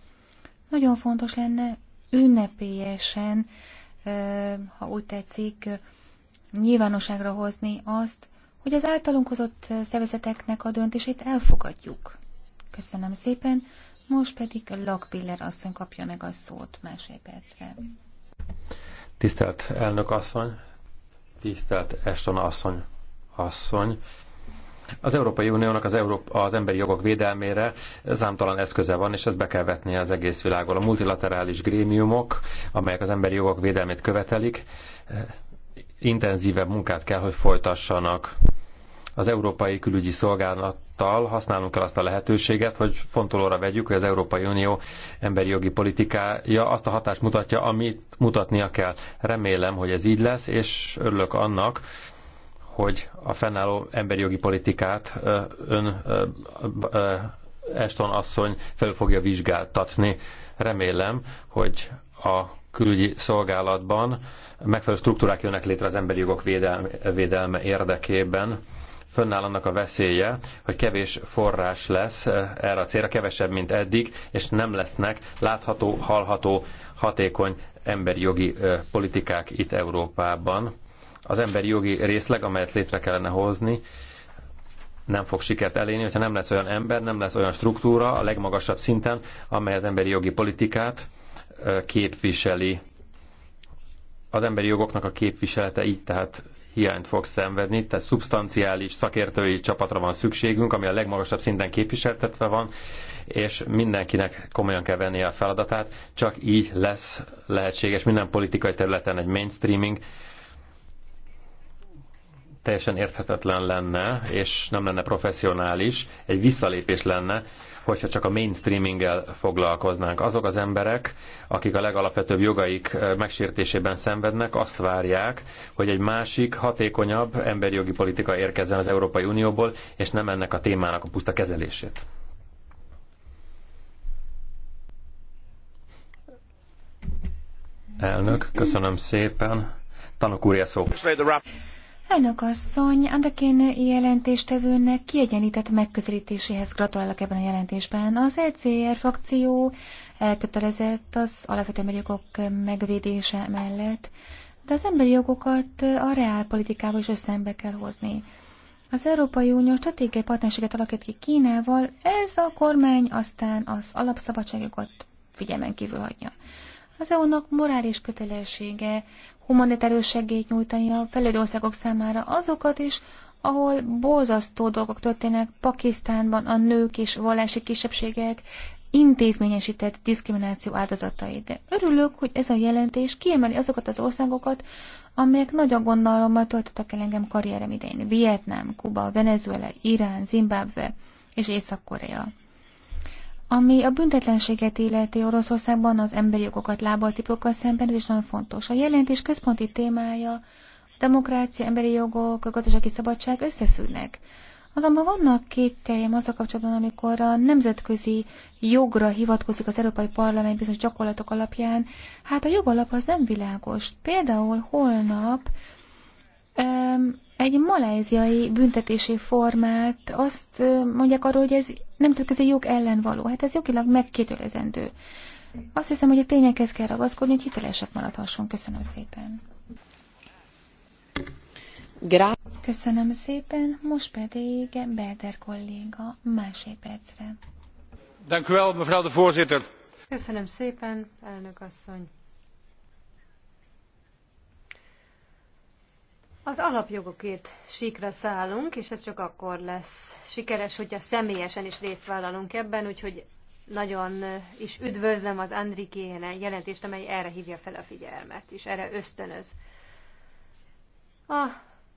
Nagyon fontos lenne ünnepélyesen, ha úgy tetszik, nyilvánosságra hozni azt, hogy az általunk hozott szervezeteknek a döntését elfogadjuk. Köszönöm szépen, most pedig Lakbiller asszony kapja meg a szót másfél percre. Tisztelt elnök asszony, tisztelt Eston asszony, asszony, az Európai Uniónak az, Európa, az emberi jogok védelmére számtalan eszköze van, és ezt be kell vetni az egész világon. A multilaterális grémiumok, amelyek az emberi jogok védelmét követelik, eh, intenzívebb munkát kell, hogy folytassanak az Európai Külügyi Szolgálattal használunk el azt a lehetőséget, hogy fontolóra vegyük, hogy az Európai Unió emberi jogi politikája azt a hatást mutatja, amit mutatnia kell. Remélem, hogy ez így lesz, és örülök annak, hogy a fennálló emberi jogi politikát ön Eston asszony fel fogja vizsgáltatni. Remélem, hogy a külügyi szolgálatban megfelelő struktúrák jönnek létre az emberi jogok védelme, védelme érdekében fönnáll annak a veszélye, hogy kevés forrás lesz eh, erre a célra, kevesebb, mint eddig, és nem lesznek látható, hallható, hatékony emberi jogi eh, politikák itt Európában. Az emberi jogi részleg, amelyet létre kellene hozni, nem fog sikert elérni, hogyha nem lesz olyan ember, nem lesz olyan struktúra a legmagasabb szinten, amely az emberi jogi politikát eh, képviseli. Az emberi jogoknak a képviselete így tehát hiányt fog szenvedni, tehát szubstanciális szakértői csapatra van szükségünk, ami a legmagasabb szinten képviseltetve van, és mindenkinek komolyan kell venni a feladatát, csak így lesz lehetséges minden politikai területen egy mainstreaming, teljesen érthetetlen lenne, és nem lenne professzionális, egy visszalépés lenne, hogyha csak a mainstreaminggel foglalkoznánk. Azok az emberek, akik a legalapvetőbb jogaik megsértésében szenvednek, azt várják, hogy egy másik, hatékonyabb emberi jogi politika érkezzen az Európai Unióból, és nem ennek a témának a puszta kezelését. Elnök, köszönöm szépen. Tanok úr, szó. Elnök asszony, én jelentéstevőnek kiegyenlített megközelítéséhez gratulálok ebben a jelentésben. Az ECR frakció elkötelezett az alapvető emberi jogok megvédése mellett, de az emberi jogokat a reálpolitikával is összembe kell hozni. Az Európai Unió stratégiai partnerséget alakít ki Kínával, ez a kormány aztán az alapszabadságokat figyelmen kívül hagyja. Az EU-nak morális kötelessége, humanitárius segélyt nyújtani a fejlődő országok számára azokat is, ahol borzasztó dolgok történnek Pakisztánban a nők és vallási kisebbségek intézményesített diszkrimináció áldozatai. De örülök, hogy ez a jelentés kiemeli azokat az országokat, amelyek nagy aggodalommal töltöttek el engem karrierem idején. Vietnám, Kuba, Venezuela, Irán, Zimbabwe és Észak-Korea. Ami a büntetlenséget illeti Oroszországban az emberi jogokat lábaltipokkal szemben, ez is nagyon fontos. A jelentés központi témája a demokrácia, emberi jogok, a gazdasági szabadság összefüggnek. Azonban vannak két teljem azzal kapcsolatban, amikor a nemzetközi jogra hivatkozik az Európai Parlament bizonyos gyakorlatok alapján, hát a jogalap az nem világos. Például holnap egy maláziai büntetési formát azt mondják arról, hogy ez nemzetközi jog ellen való. Hát ez jogilag megkérdőlezendő. Azt hiszem, hogy a tényekhez kell ragaszkodni, hogy hitelesek maradhasson. Köszönöm szépen. Gra- Köszönöm szépen, most pedig Belder kolléga másfél percre. Dank u wel, mevrouw de voorzitter. Köszönöm szépen, elnök asszony. Az alapjogokért síkra szállunk, és ez csak akkor lesz sikeres, hogyha személyesen is részt vállalunk ebben, úgyhogy nagyon is üdvözlöm az Andrikéne jelentést, amely erre hívja fel a figyelmet, és erre ösztönöz. A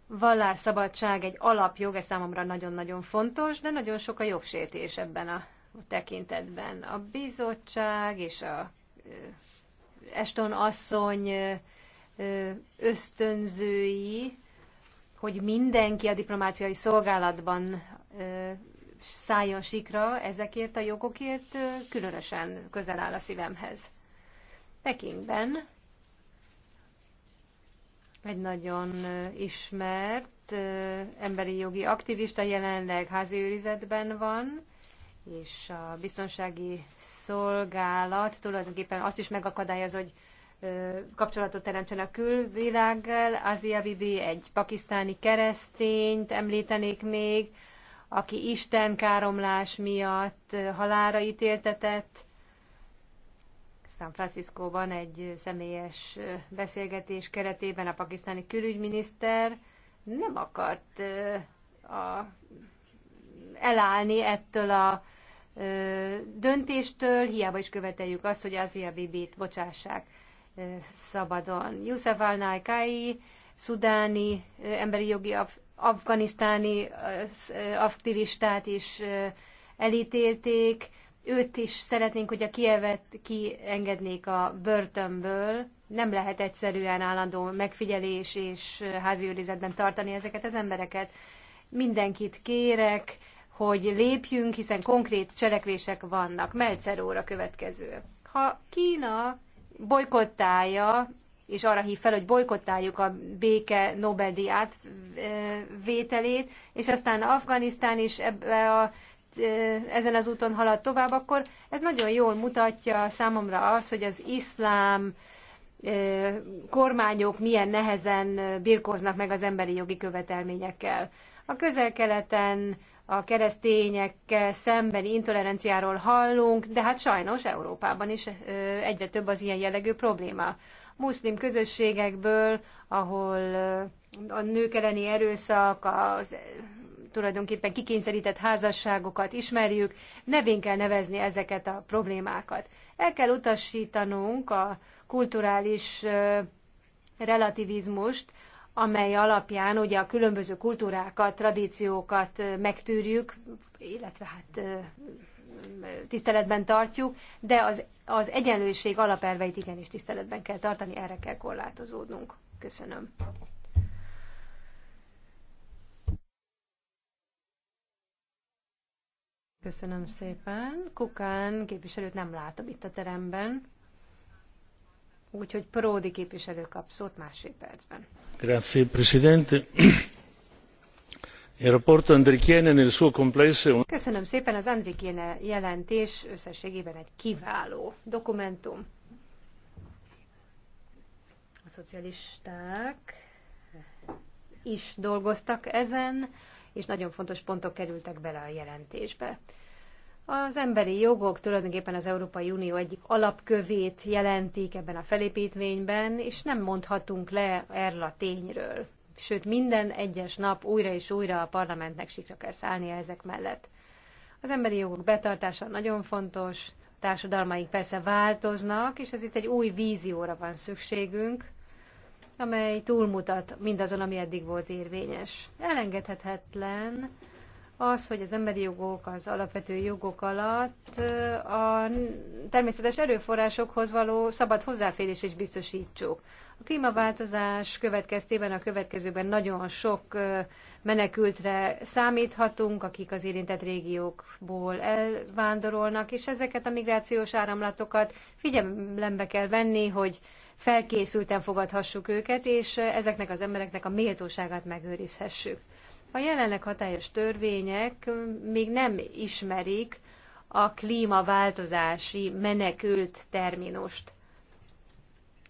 vallásszabadság egy alapjog, ez számomra nagyon-nagyon fontos, de nagyon sok a jogsértés ebben a tekintetben. A bizottság és a Eston asszony ösztönzői, hogy mindenki a diplomáciai szolgálatban szálljon sikra ezekért a jogokért, különösen közel áll a szívemhez. Pekingben egy nagyon ismert emberi jogi aktivista jelenleg házi őrizetben van, és a biztonsági szolgálat tulajdonképpen azt is megakadályoz, hogy kapcsolatot teremtsen a külvilággal. Azia Bibi egy pakisztáni keresztényt említenék még, aki Isten káromlás miatt halára ítéltetett. San francisco egy személyes beszélgetés keretében a pakisztáni külügyminiszter nem akart a, elállni ettől a döntéstől, hiába is követeljük azt, hogy Azia Bibit bocsássák szabadon. Youssef al-Naikai, szudáni emberi jogi af- afganisztáni aktivistát is elítélték. Őt is szeretnénk, hogy a Kievet kiengednék a börtönből. Nem lehet egyszerűen állandó megfigyelés és háziőrizetben tartani ezeket az embereket. Mindenkit kérek, hogy lépjünk, hiszen konkrét cselekvések vannak. Melcer óra következő. Ha Kína bolykottálja, és arra hív fel, hogy bolykottáljuk a béke Nobel-díj átvételét, és aztán Afganisztán is ebbe a ezen az úton halad tovább, akkor ez nagyon jól mutatja számomra azt, hogy az iszlám kormányok milyen nehezen birkóznak meg az emberi jogi követelményekkel. A közel-keleten a keresztényekkel szembeni intoleranciáról hallunk, de hát sajnos Európában is egyre több az ilyen jellegű probléma. Muszlim közösségekből, ahol a nők elleni erőszak, az tulajdonképpen kikényszerített házasságokat ismerjük, nevén kell nevezni ezeket a problémákat. El kell utasítanunk a kulturális relativizmust, amely alapján ugye a különböző kultúrákat, tradíciókat megtűrjük, illetve hát tiszteletben tartjuk, de az, az egyenlőség alapelveit igenis tiszteletben kell tartani, erre kell korlátozódnunk. Köszönöm. Köszönöm szépen. Kukán képviselőt nem látom itt a teremben. Úgyhogy Pródi képviselő kap szót másfél percben. Grazie, Presidente. Köszönöm szépen, az Andrikiene jelentés összességében egy kiváló dokumentum. A szocialisták is dolgoztak ezen, és nagyon fontos pontok kerültek bele a jelentésbe. Az emberi jogok tulajdonképpen az Európai Unió egyik alapkövét jelentik ebben a felépítményben, és nem mondhatunk le erről a tényről. Sőt, minden egyes nap újra és újra a parlamentnek sikra kell szállnia ezek mellett. Az emberi jogok betartása nagyon fontos, társadalmaink persze változnak, és ez itt egy új vízióra van szükségünk, amely túlmutat mindazon, ami eddig volt érvényes. Elengedhetetlen, az, hogy az emberi jogok az alapvető jogok alatt a természetes erőforrásokhoz való szabad hozzáférés is biztosítsuk. A klímaváltozás következtében a következőben nagyon sok menekültre számíthatunk, akik az érintett régiókból elvándorolnak, és ezeket a migrációs áramlatokat figyelembe kell venni, hogy felkészülten fogadhassuk őket, és ezeknek az embereknek a méltóságát megőrizhessük. A jelenleg hatályos törvények még nem ismerik a klímaváltozási menekült terminust.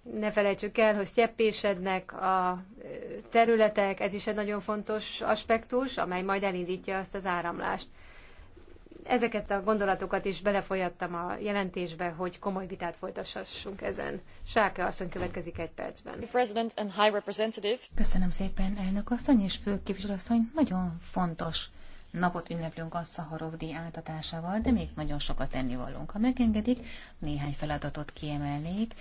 Ne felejtsük el, hogy sztyeppésednek a területek, ez is egy nagyon fontos aspektus, amely majd elindítja azt az áramlást ezeket a gondolatokat is belefolyattam a jelentésbe, hogy komoly vitát folytassunk ezen. Sáke asszony következik egy percben. Köszönöm szépen, elnök asszony és főképviselőasszony. Nagyon fontos napot ünneplünk a Szaharov díj átadásával, de még nagyon sokat tennivalónk. Ha megengedik, néhány feladatot kiemelnék.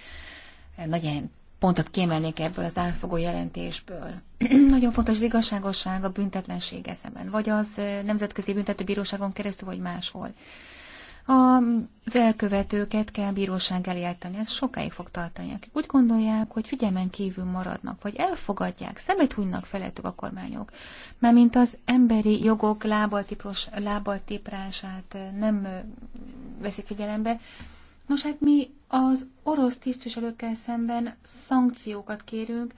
Nagyon pontot kiemelnék ebből az átfogó jelentésből. Nagyon fontos az igazságosság a büntetlenség szemben, vagy az Nemzetközi Büntetőbíróságon keresztül, vagy máshol. Az elkövetőket kell bíróság eljártani, ez sokáig fog tartani. Akik úgy gondolják, hogy figyelmen kívül maradnak, vagy elfogadják, szemet hunynak felettük a kormányok, mert mint az emberi jogok lábaltiprását nem veszik figyelembe, Nos hát mi az orosz tisztviselőkkel szemben szankciókat kérünk,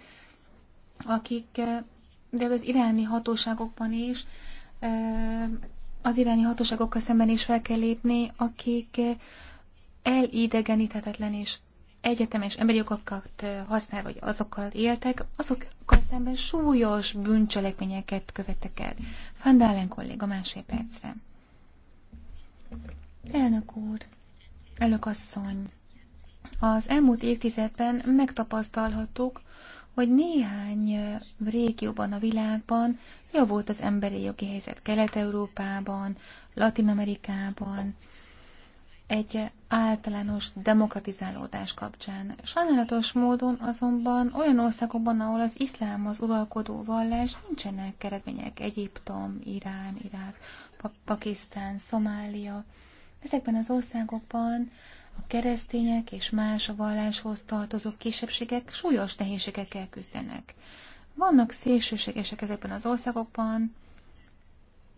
akik, eh, de az iráni hatóságokban is, eh, az iráni hatóságokkal szemben is fel kell lépni, akik eh, elidegeníthetetlen és egyetemes emberi jogokat használ, vagy azokkal éltek, azokkal szemben súlyos bűncselekményeket követtek el. Fandálen kolléga, másfél percre. Elnök úr, Elnök asszony, az elmúlt évtizedben megtapasztalhattuk, hogy néhány régióban a világban javult az emberi jogi helyzet Kelet-Európában, Latin-Amerikában, egy általános demokratizálódás kapcsán. Sajnálatos módon azonban olyan országokban, ahol az iszlám az uralkodó vallás, nincsenek eredmények. Egyiptom, Irán, Irák, pa- Pakisztán, Szomália, Ezekben az országokban a keresztények és más a valláshoz tartozó kisebbségek súlyos nehézségekkel küzdenek. Vannak szélsőségesek ezekben az országokban,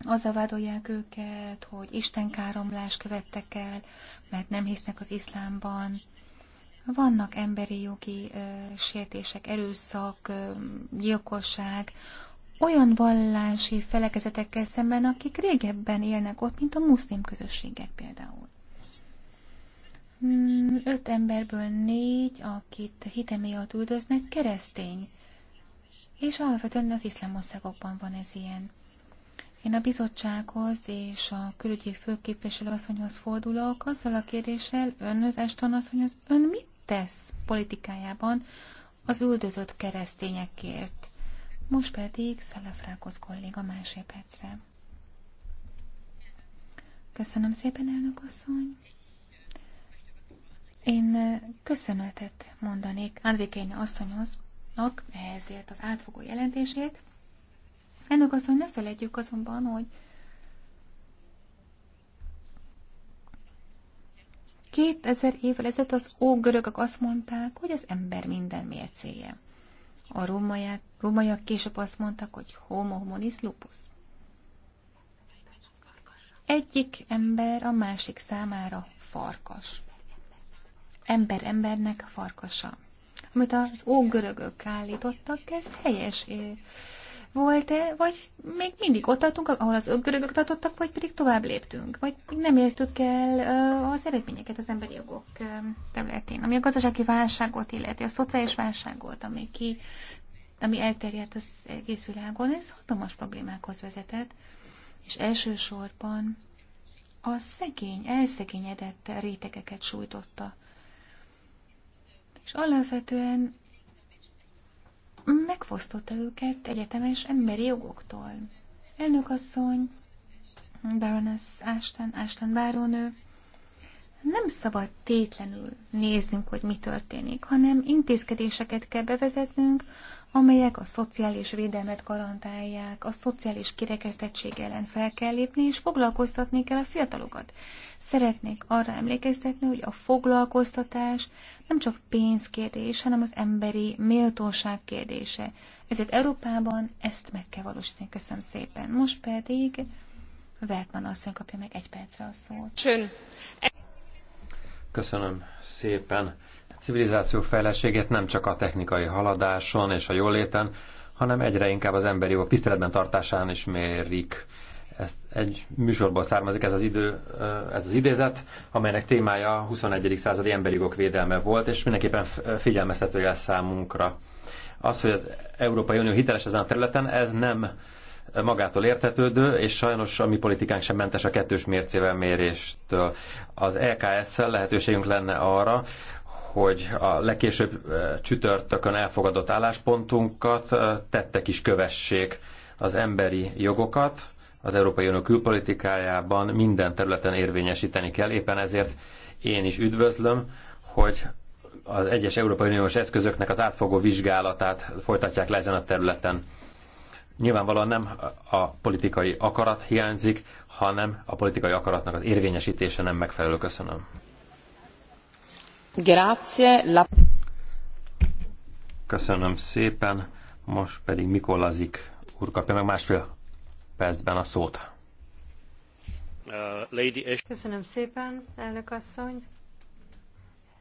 azzal vádolják őket, hogy káromlás követtek el, mert nem hisznek az iszlámban. Vannak emberi jogi ö, sértések, erőszak, ö, gyilkosság, olyan vallási felekezetekkel szemben, akik régebben élnek ott, mint a muszlim közösségek például. Hmm, öt emberből négy, akit hite miatt üldöznek, keresztény. És alapvetően az iszlám országokban van ez ilyen. Én a bizottsághoz és a külügyi főképviselő asszonyhoz fordulok azzal a kérdéssel, az Eston asszonyhoz, ön mit tesz politikájában az üldözött keresztényekért? Most pedig Szelefrákos kolléga másodpercre. Köszönöm szépen, elnök asszony. Én köszönetet mondanék Andrikény asszonyoznak ezért az átfogó jelentését. Elnök asszony, ne felejtjük azonban, hogy Kétezer évvel ezelőtt az ógörögök azt mondták, hogy az ember minden mércéje. A rómaiak rómaiak később azt mondtak, hogy homo homonis lupus. Egyik ember a másik számára farkas. Ember embernek farkasa. Amit az ógörögök állítottak, ez helyes volt-e, vagy még mindig ott tartunk, ahol az görögök tartottak, vagy pedig tovább léptünk, vagy nem értük el az eredményeket az emberi jogok területén, ami a gazdasági válságot illeti, a szociális válságot, ami ki ami elterjedt az egész világon, ez hatalmas problémákhoz vezetett, és elsősorban a szegény, elszegényedett rétegeket sújtotta. És alapvetően megfosztotta őket egyetemes emberi jogoktól. Elnökasszony, Baroness Ashton, Ashton bárónő, nem szabad tétlenül néznünk, hogy mi történik, hanem intézkedéseket kell bevezetnünk, amelyek a szociális védelmet garantálják, a szociális kirekesztettség ellen fel kell lépni, és foglalkoztatni kell a fiatalokat. Szeretnék arra emlékeztetni, hogy a foglalkoztatás nem csak pénzkérdés, hanem az emberi méltóság kérdése. Ezért Európában ezt meg kell valósítani. Köszönöm szépen. Most pedig Vertman asszony kapja meg egy percre a szót. Köszönöm szépen civilizáció fejlességét nem csak a technikai haladáson és a jóléten, hanem egyre inkább az emberi jogok tiszteletben tartásán is mérik. Ezt egy műsorból származik ez az, idő, ez az idézet, amelynek témája a 21. századi emberi jogok védelme volt, és mindenképpen figyelmeztető jel számunkra. Az, hogy az Európai Unió hiteles ezen a területen, ez nem magától értetődő, és sajnos a mi politikánk sem mentes a kettős mércével méréstől. Az EKS-szel lehetőségünk lenne arra, hogy a legkésőbb csütörtökön elfogadott álláspontunkat tettek is kövessék az emberi jogokat. Az Európai Unió külpolitikájában minden területen érvényesíteni kell. Éppen ezért én is üdvözlöm, hogy az egyes Európai Uniós eszközöknek az átfogó vizsgálatát folytatják le ezen a területen. Nyilvánvalóan nem a politikai akarat hiányzik, hanem a politikai akaratnak az érvényesítése nem megfelelő. Köszönöm. Köszönöm szépen. Most pedig Mikolazik úr kapja meg másfél percben a szót. Uh, Köszönöm szépen, elnök asszony.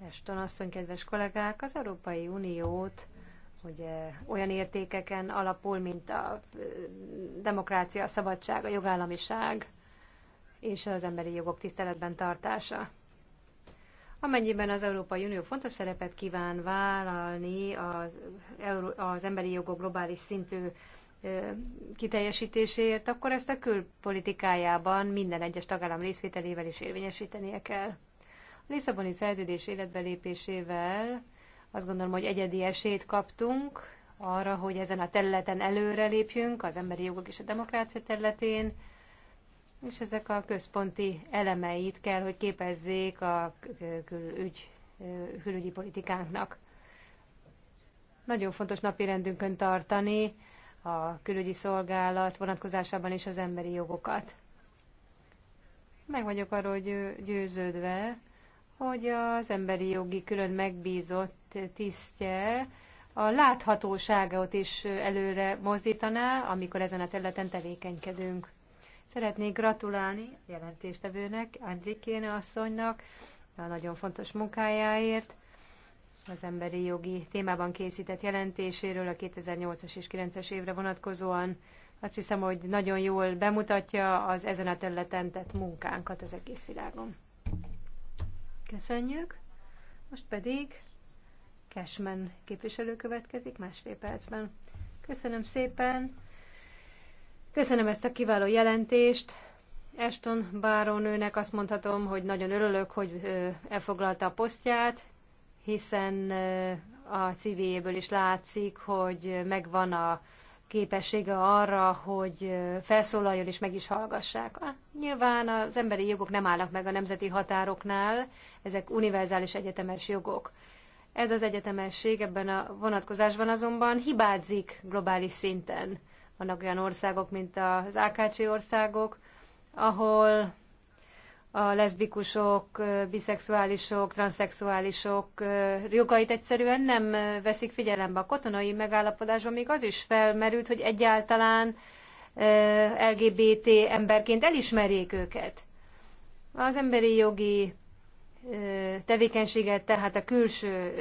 Eston asszony, kedves kollégák, az Európai Uniót ugye olyan értékeken alapul, mint a uh, demokrácia, a szabadság, a jogállamiság és az emberi jogok tiszteletben tartása amennyiben az Európai Unió fontos szerepet kíván vállalni az, az emberi jogok globális szintű kiteljesítéséért, akkor ezt a külpolitikájában minden egyes tagállam részvételével is érvényesítenie kell. A Lisszaboni szerződés életbelépésével azt gondolom, hogy egyedi esélyt kaptunk arra, hogy ezen a területen előre lépjünk, az emberi jogok és a demokrácia területén, és ezek a központi elemeit kell, hogy képezzék a külügy, külügyi politikánknak. Nagyon fontos napirendünkön tartani a külügyi szolgálat vonatkozásában is az emberi jogokat. Meg vagyok arról győződve, hogy az emberi jogi külön megbízott tisztje a láthatóságot is előre mozdítaná, amikor ezen a területen tevékenykedünk. Szeretnék gratulálni a jelentéstevőnek, Andrikéne asszonynak, a nagyon fontos munkájáért, az emberi jogi témában készített jelentéséről a 2008-as és 9-es évre vonatkozóan. Azt hiszem, hogy nagyon jól bemutatja az ezen a területen tett munkánkat az egész világon. Köszönjük. Most pedig Cashman képviselő következik másfél percben. Köszönöm szépen. Köszönöm ezt a kiváló jelentést. Eston bárónőnek azt mondhatom, hogy nagyon örülök, hogy elfoglalta a posztját, hiszen a civéjéből is látszik, hogy megvan a képessége arra, hogy felszólaljon és meg is hallgassák. Nyilván az emberi jogok nem állnak meg a nemzeti határoknál, ezek univerzális egyetemes jogok. Ez az egyetemesség ebben a vonatkozásban azonban hibázik globális szinten. Vannak olyan országok, mint az AKC országok, ahol a leszbikusok, biszexuálisok, transzexuálisok jogait egyszerűen nem veszik figyelembe. A katonai megállapodásban még az is felmerült, hogy egyáltalán LGBT emberként elismerjék őket. Az emberi jogi tevékenységet, tehát a külső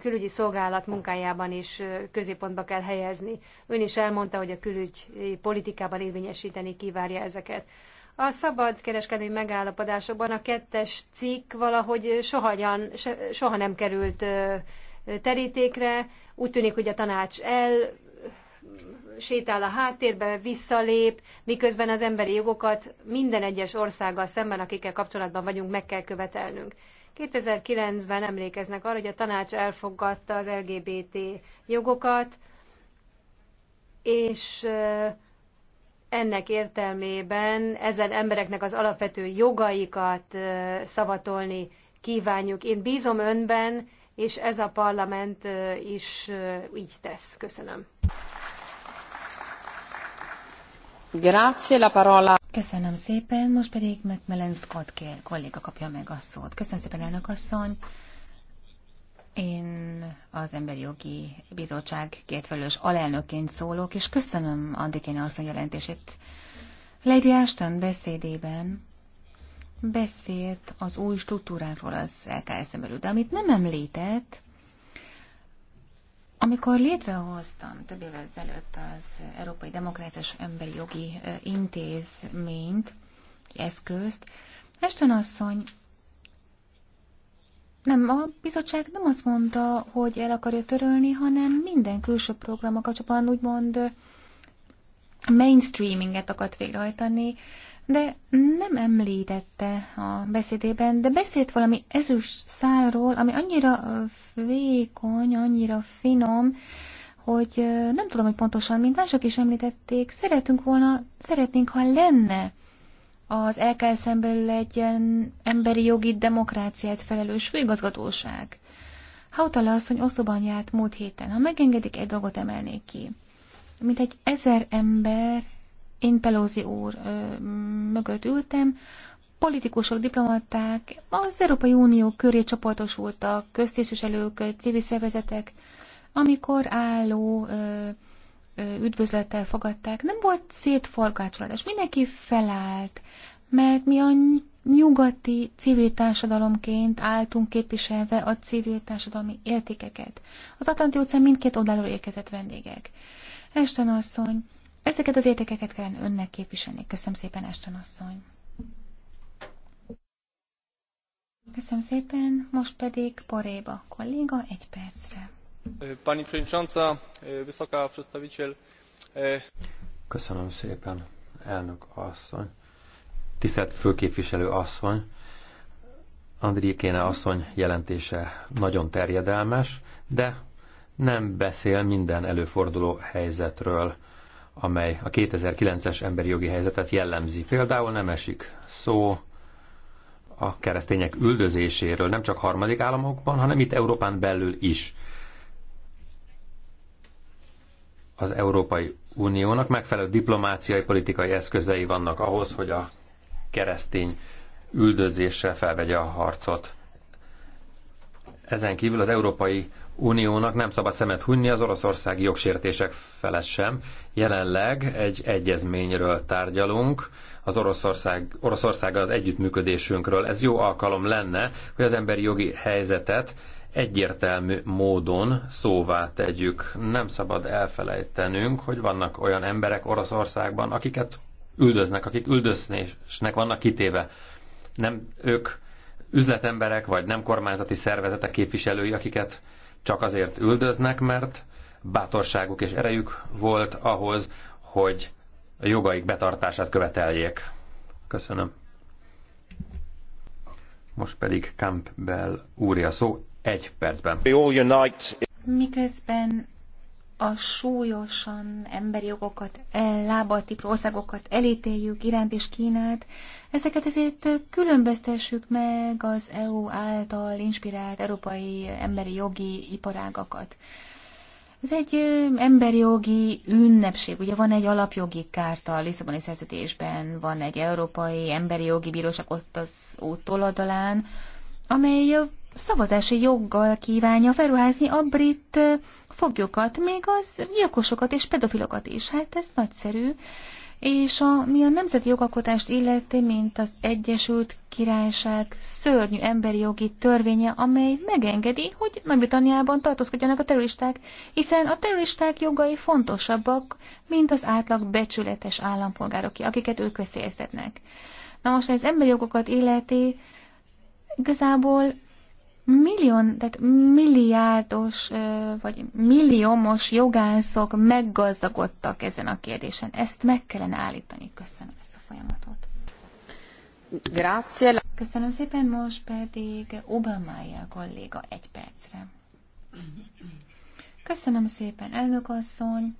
külügyi szolgálat munkájában is középpontba kell helyezni. Ön is elmondta, hogy a külügyi politikában érvényesíteni kívánja ezeket. A szabad kereskedői megállapodásokban a kettes cikk valahogy sohagyan, soha nem került terítékre. Úgy tűnik, hogy a tanács el sétál a háttérbe, visszalép, miközben az emberi jogokat minden egyes országgal szemben, akikkel kapcsolatban vagyunk, meg kell követelnünk. 2009-ben emlékeznek arra, hogy a tanács elfogadta az LGBT jogokat, és ennek értelmében ezen embereknek az alapvető jogaikat szavatolni kívánjuk. Én bízom önben, és ez a parlament is így tesz. Köszönöm. Köszönöm szépen, most pedig Macmillan Scott kolléga kapja meg a szót. Köszönöm szépen, elnök asszony. Én az Emberi Jogi Bizottság kétfelelős alelnökként szólok, és köszönöm Andrikéne asszony jelentését. Lady Ashton beszédében beszélt az új struktúrákról az LKS belül, de amit nem említett, amikor létrehoztam több évvel ezelőtt az Európai Demokráciás Emberi Jogi Intézményt, eszközt, Esten asszony nem, a bizottság nem azt mondta, hogy el akarja törölni, hanem minden külső programokat, csak úgymond mainstreaminget akart végrehajtani, de nem említette a beszédében, de beszélt valami ezüst szálról, ami annyira vékony, annyira finom, hogy nem tudom, hogy pontosan, mint mások is említették, szeretünk volna, szeretnénk, ha lenne az LKS-en belül egy ilyen emberi jogi demokráciát felelős főigazgatóság. Hautala asszony oszlóban járt múlt héten. Ha megengedik, egy dolgot emelnék ki. Mint egy ezer ember én Pelózi úr ö, mögött ültem, politikusok, diplomaták, az Európai Unió köré csoportosultak, köztisztviselők, civil szervezetek, amikor álló ö, ö, üdvözlettel fogadták, nem volt szétforgácsolás, mindenki felállt, mert mi a nyugati civil társadalomként álltunk képviselve a civil társadalmi értékeket. Az Atlanti utcán mindkét oldalról érkezett vendégek. Esten asszony, Ezeket az értékeket kell önnek képviselni. Köszönöm szépen, Ashton asszony. Köszönöm szépen, most pedig Poréba kolléga egy percre. Pani Przewodnicząca, Wysoka Przedstawiciel. E, Köszönöm szépen, elnök asszony. Tisztelt főképviselő asszony, Andrikéne asszony jelentése nagyon terjedelmes, de nem beszél minden előforduló helyzetről amely a 2009-es emberi jogi helyzetet jellemzi. Például nem esik szó a keresztények üldözéséről, nem csak harmadik államokban, hanem itt Európán belül is. Az Európai Uniónak megfelelő diplomáciai, politikai eszközei vannak ahhoz, hogy a keresztény üldözéssel felvegye a harcot. Ezen kívül az Európai Uniónak nem szabad szemet hunyni az oroszországi jogsértések felett sem. Jelenleg egy egyezményről tárgyalunk, az Oroszország, Oroszországgal az együttműködésünkről. Ez jó alkalom lenne, hogy az emberi jogi helyzetet egyértelmű módon szóvá tegyük. Nem szabad elfelejtenünk, hogy vannak olyan emberek Oroszországban, akiket üldöznek, akik üldözésnek vannak kitéve. Nem ők üzletemberek, vagy nem kormányzati szervezetek képviselői, akiket csak azért üldöznek, mert bátorságuk és erejük volt ahhoz, hogy a jogaik betartását követeljék. Köszönöm. Most pedig Campbell úrja szó egy percben. Miközben a súlyosan emberi jogokat, e, lábbal országokat elítéljük, Iránt és Kínát, ezeket ezért különböztessük meg az EU által inspirált európai emberi jogi iparágakat. Ez egy emberi jogi ünnepség. Ugye van egy alapjogi kárta a Lisszaboni szerződésben, van egy európai emberi jogi bíróság ott az út toladalán, amely szavazási joggal kívánja felruházni a brit foglyokat, még az gyilkosokat és pedofilokat is. Hát ez nagyszerű. És a mi a nemzeti jogalkotást illeti, mint az Egyesült Királyság szörnyű emberi jogi törvénye, amely megengedi, hogy Nagy-Britanniában tartózkodjanak a terroristák, hiszen a terroristák jogai fontosabbak, mint az átlag becsületes állampolgárok, akiket ők veszélyeztetnek. Na most, ez emberi jogokat illeti, igazából millió, tehát milliárdos vagy milliómos jogászok meggazdagodtak ezen a kérdésen. Ezt meg kellene állítani. Köszönöm ezt a folyamatot. Grazie. Köszönöm szépen, most pedig a kolléga egy percre. Köszönöm szépen, elnök asszony.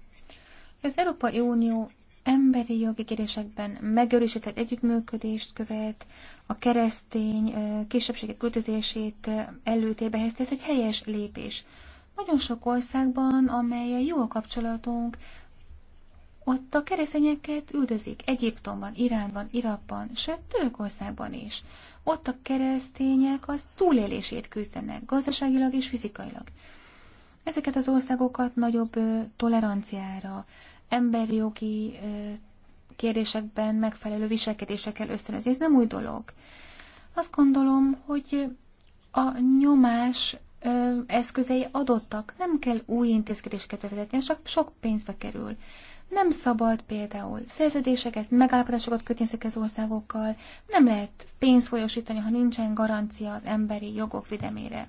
Az Európai Unió emberi jogi kérdésekben megerősített együttműködést követ, a keresztény kisebbségek kötözését előtébe helyezte, ez egy helyes lépés. Nagyon sok országban, amely jó a kapcsolatunk, ott a keresztényeket üldözik Egyiptomban, Iránban, Irakban, sőt Törökországban is. Ott a keresztények az túlélését küzdenek, gazdaságilag és fizikailag. Ezeket az országokat nagyobb toleranciára, emberi jogi kérdésekben megfelelő viselkedésre kell ösztönözni. Ez nem új dolog. Azt gondolom, hogy a nyomás eszközei adottak, nem kell új intézkedéseket bevezetni, csak sok pénzbe kerül. Nem szabad például szerződéseket, megállapodásokat kötni ezek az országokkal, nem lehet pénzt folyosítani, ha nincsen garancia az emberi jogok védelmére.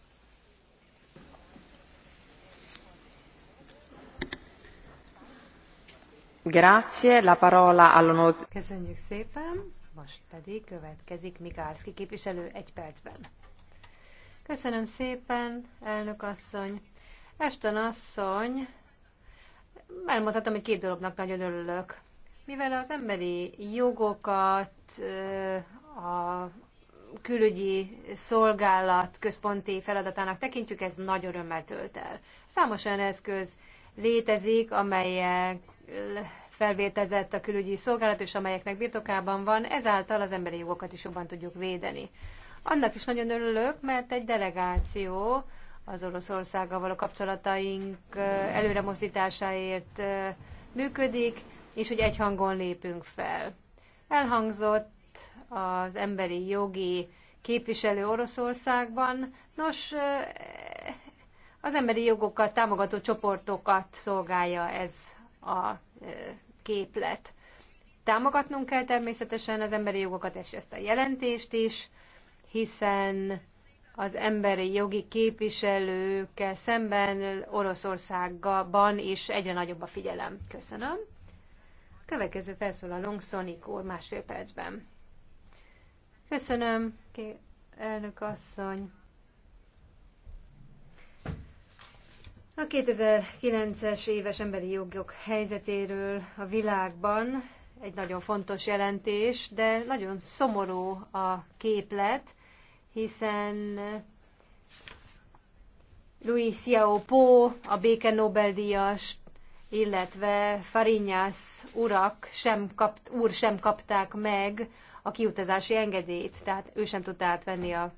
Köszönjük szépen, most pedig következik Mikálszki képviselő egy percben. Köszönöm szépen, elnök asszony. Eston asszony, elmondhatom, hogy két dolognak nagyon örülök. Mivel az emberi jogokat a külügyi szolgálat központi feladatának tekintjük, ez nagy örömmel tölt el. Számos olyan eszköz létezik, amelyek felvételzett a külügyi szolgálat, és amelyeknek birtokában van, ezáltal az emberi jogokat is jobban tudjuk védeni. Annak is nagyon örülök, mert egy delegáció az Oroszországgal való kapcsolataink előremozdításáért működik, és hogy egyhangon lépünk fel. Elhangzott az emberi jogi képviselő Oroszországban. Nos, az emberi jogokat támogató csoportokat szolgálja ez a e, képlet. Támogatnunk kell természetesen az emberi jogokat és ezt a jelentést is, hiszen az emberi jogi képviselőkkel szemben Oroszországban is egyre nagyobb a figyelem. Köszönöm. Következő felszólalónk Szonik úr másfél percben. Köszönöm, elnök asszony. A 2009-es éves emberi jogok helyzetéről a világban egy nagyon fontos jelentés, de nagyon szomorú a képlet, hiszen Louis Xiaopo, a béke Nobel-díjas, illetve Farinyász urak sem kapt úr sem kapták meg a kiutazási engedélyt, tehát ő sem tudta átvenni a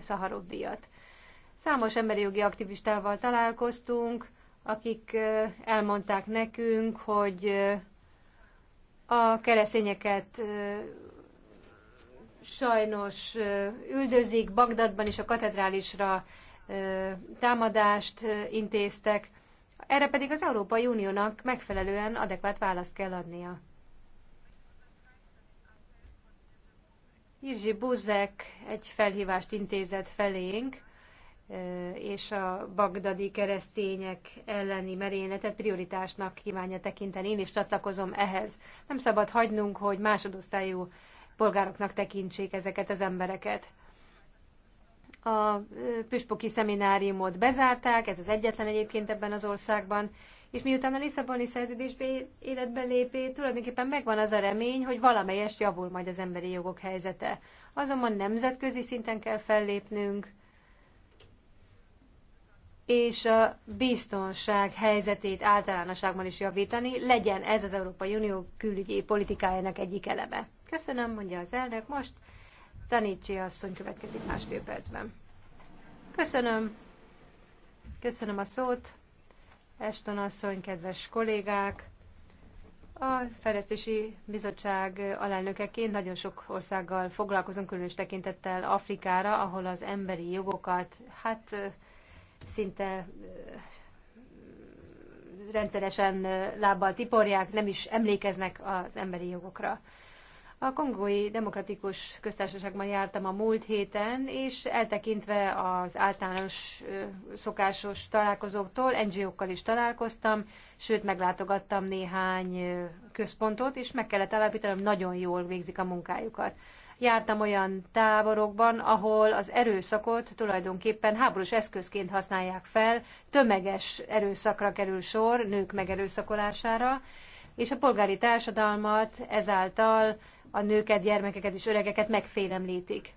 Szaharov díjat. Számos emberi jogi aktivistával találkoztunk, akik elmondták nekünk, hogy a keresztényeket sajnos üldözik, Bagdadban is a katedrálisra támadást intéztek, erre pedig az Európai Uniónak megfelelően adekvát választ kell adnia. Irzsi Buzek egy felhívást intézett felénk, és a bagdadi keresztények elleni merényletet prioritásnak kívánja tekinteni. Én is csatlakozom ehhez. Nem szabad hagynunk, hogy másodosztályú polgároknak tekintsék ezeket az embereket. A püspoki szemináriumot bezárták, ez az egyetlen egyébként ebben az országban, és miután a Lisszaboni szerződés életbe lépé, tulajdonképpen megvan az a remény, hogy valamelyest javul majd az emberi jogok helyzete. Azonban nemzetközi szinten kell fellépnünk, és a biztonság helyzetét általánosságban is javítani, legyen ez az Európai Unió külügyi politikájának egyik eleme. Köszönöm, mondja az elnök. Most Tanicsi asszony következik másfél percben. Köszönöm. Köszönöm a szót. Eston asszony, kedves kollégák! A Fejlesztési Bizottság alelnökeként nagyon sok országgal foglalkozunk, különös tekintettel Afrikára, ahol az emberi jogokat, hát szinte rendszeresen lábbal tiporják, nem is emlékeznek az emberi jogokra. A Kongói Demokratikus Köztársaságban jártam a múlt héten, és eltekintve az általános szokásos találkozóktól, NGO-kkal is találkoztam, sőt meglátogattam néhány központot, és meg kellett állapítanom, nagyon jól végzik a munkájukat. Jártam olyan táborokban, ahol az erőszakot tulajdonképpen háborús eszközként használják fel, tömeges erőszakra kerül sor, nők megerőszakolására, és a polgári társadalmat ezáltal a nőket, gyermekeket és öregeket megfélemlítik.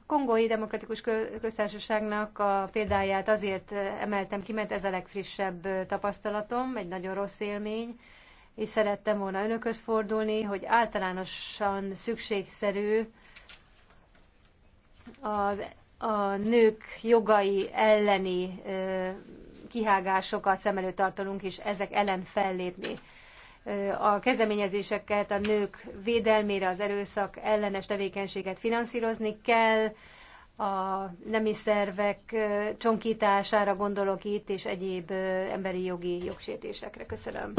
A Kongói Demokratikus Köztársaságnak a példáját azért emeltem ki, mert ez a legfrissebb tapasztalatom, egy nagyon rossz élmény, és szerettem volna önökhöz fordulni, hogy általánosan szükségszerű az, a nők jogai elleni ö, kihágásokat szem előtt tartanunk, és ezek ellen fellépni. A kezdeményezéseket a nők védelmére, az erőszak ellenes tevékenységet finanszírozni kell, a nemi szervek csonkítására gondolok itt, és egyéb emberi jogi jogsértésekre. Köszönöm.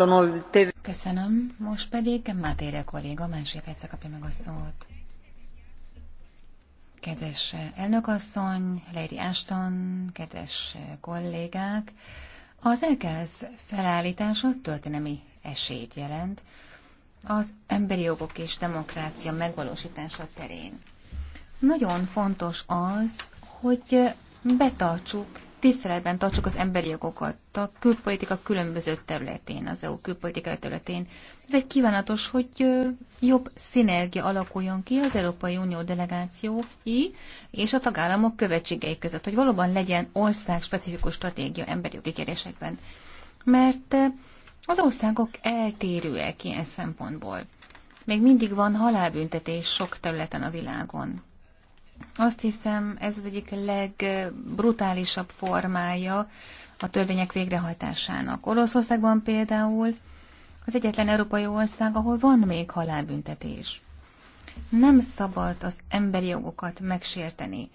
Köszönöm. Most pedig Mátére kolléga egyszer kapja meg a szót. Kedves elnökasszony, Lady Ashton, kedves kollégák, az elkez felállítása történelmi esélyt jelent az emberi jogok és demokrácia megvalósítása terén. Nagyon fontos az, hogy betartsuk, tiszteletben tartsuk az emberi jogokat a külpolitika különböző területén, az EU külpolitika területén. Ez egy kívánatos, hogy jobb szinergia alakuljon ki az Európai Unió delegációi és a tagállamok követségei között, hogy valóban legyen ország-specifikus stratégia emberi jogi kérdésekben. Mert az országok eltérőek ilyen szempontból. Még mindig van halálbüntetés sok területen a világon. Azt hiszem, ez az egyik legbrutálisabb formája a törvények végrehajtásának. Oroszországban például az egyetlen európai ország, ahol van még halálbüntetés. Nem szabad az emberi jogokat megsérteni.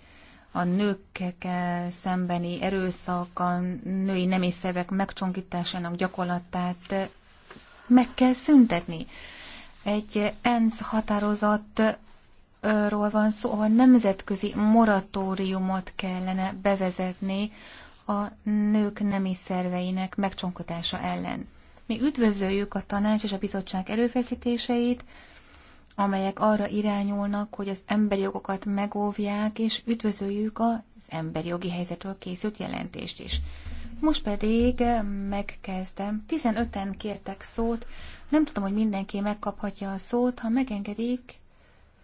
A nőkkel szembeni erőszak, a női szervek megcsonkításának gyakorlatát meg kell szüntetni. Egy ENSZ határozat ról van szó, ahol nemzetközi moratóriumot kellene bevezetni a nők nemi szerveinek megcsonkotása ellen. Mi üdvözöljük a tanács és a bizottság erőfeszítéseit, amelyek arra irányulnak, hogy az emberi jogokat megóvják, és üdvözöljük az emberi jogi helyzetről készült jelentést is. Most pedig megkezdem. 15-en kértek szót, nem tudom, hogy mindenki megkaphatja a szót, ha megengedik,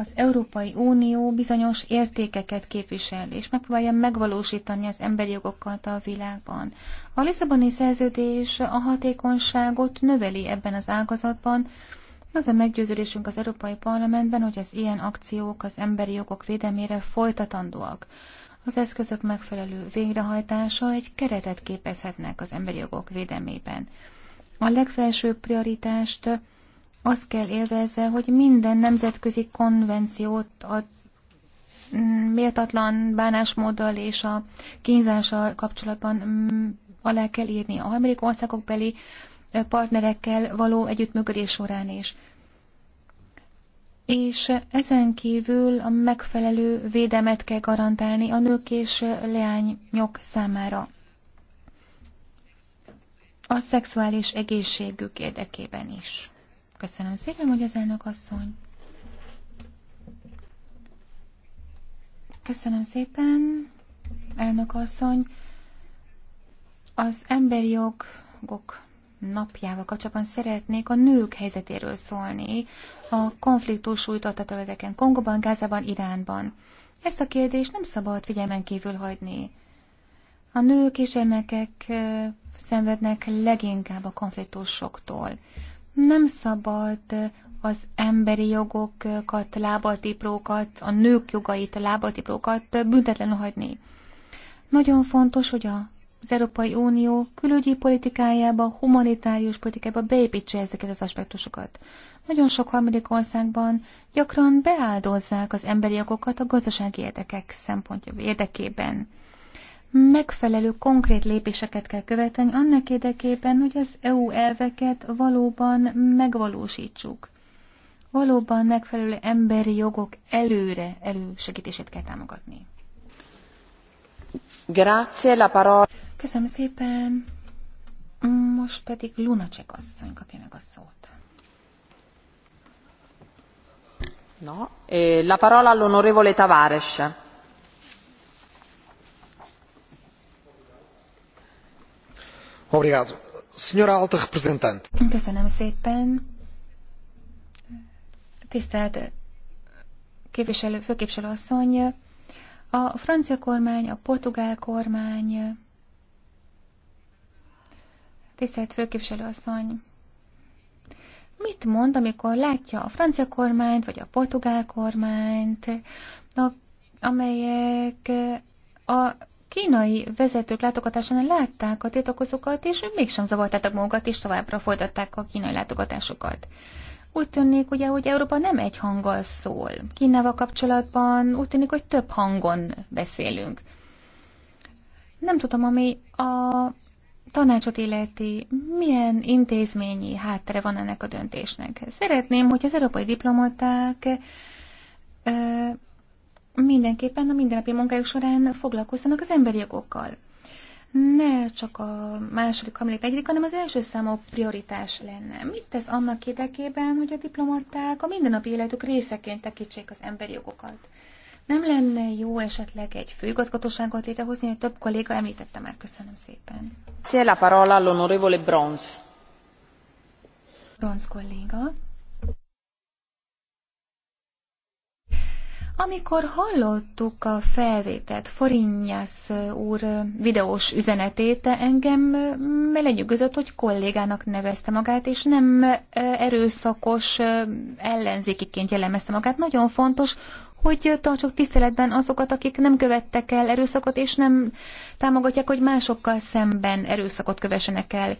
Az Európai Unió bizonyos értékeket képvisel, és megpróbálja megvalósítani az emberi jogokat a világban. A Lisszaboni szerződés a hatékonyságot növeli ebben az ágazatban, az a meggyőződésünk az Európai Parlamentben, hogy az ilyen akciók az emberi jogok védelmére folytatandóak. Az eszközök megfelelő végrehajtása egy keretet képezhetnek az emberi jogok védelmében. A legfelsőbb prioritást azt kell élvezze, hogy minden nemzetközi konvenciót a méltatlan bánásmóddal és a kínzással kapcsolatban mm, alá kell írni a harmadik országok beli partnerekkel való együttműködés során is. És ezen kívül a megfelelő védelmet kell garantálni a nők és leányok számára a szexuális egészségük érdekében is. Köszönöm szépen, hogy az elnök asszony. Köszönöm szépen, elnök asszony. Az emberi jogok napjával kapcsolatban szeretnék a nők helyzetéről szólni a konfliktus sújtotta területeken Kongóban, Gázában, Iránban. Ezt a kérdést nem szabad figyelmen kívül hagyni. A nők és gyermekek szenvednek leginkább a konfliktusoktól. Nem szabad eh, az emberi jogokat, lábatiprókat, a nők jogait, lábatiprókat eh, büntetlenül hagyni. Nagyon fontos, hogy az Európai Unió külügyi politikájába, humanitárius politikájába beépítse ezeket az aspektusokat. Nagyon sok harmadik országban gyakran beáldozzák az emberi jogokat a gazdasági érdekek szempontjából érdekében megfelelő konkrét lépéseket kell követni annak érdekében, hogy az EU elveket valóban megvalósítsuk. Valóban megfelelő emberi jogok előre elősegítését kell támogatni. Grazie la parola. Köszönöm szépen. Most pedig Lunacek asszony kapja meg a szót. No, eh, la parola all'onorevole Tavares. Obrigado. Senhora Alta Representante. Köszönöm szépen. Tisztelt képviselő, főképviselő asszony, a francia kormány, a portugál kormány, tisztelt főképviselő asszony, mit mond, amikor látja a francia kormányt, vagy a portugál kormányt, amelyek a kínai vezetők látogatásán látták a tiltakozókat, és mégsem zavartáltak magukat, és továbbra folytatták a kínai látogatásokat. Úgy tűnik ugye, hogy Európa nem egy hanggal szól. Kínával kapcsolatban úgy tűnik, hogy több hangon beszélünk. Nem tudom, ami a tanácsot illeti, milyen intézményi háttere van ennek a döntésnek. Szeretném, hogy az európai diplomaták mindenképpen a mindennapi munkájuk során foglalkozzanak az emberi jogokkal. Ne csak a második, harmadik, negyedik, hanem az első számú prioritás lenne. Mit tesz annak érdekében, hogy a diplomaták a mindennapi életük részeként tekítsék az emberi jogokat? Nem lenne jó esetleg egy főigazgatóságot létrehozni, hogy több kolléga említette már. Köszönöm szépen. Szia la parola all'onorevole Bronz. Bronz kolléga. Amikor hallottuk a felvételt, Forinyász úr videós üzenetét, engem lenyűgözött, hogy kollégának nevezte magát, és nem erőszakos ellenzékiként jellemezte magát. Nagyon fontos, hogy tartsuk tiszteletben azokat, akik nem követtek el erőszakot, és nem támogatják, hogy másokkal szemben erőszakot kövessenek el.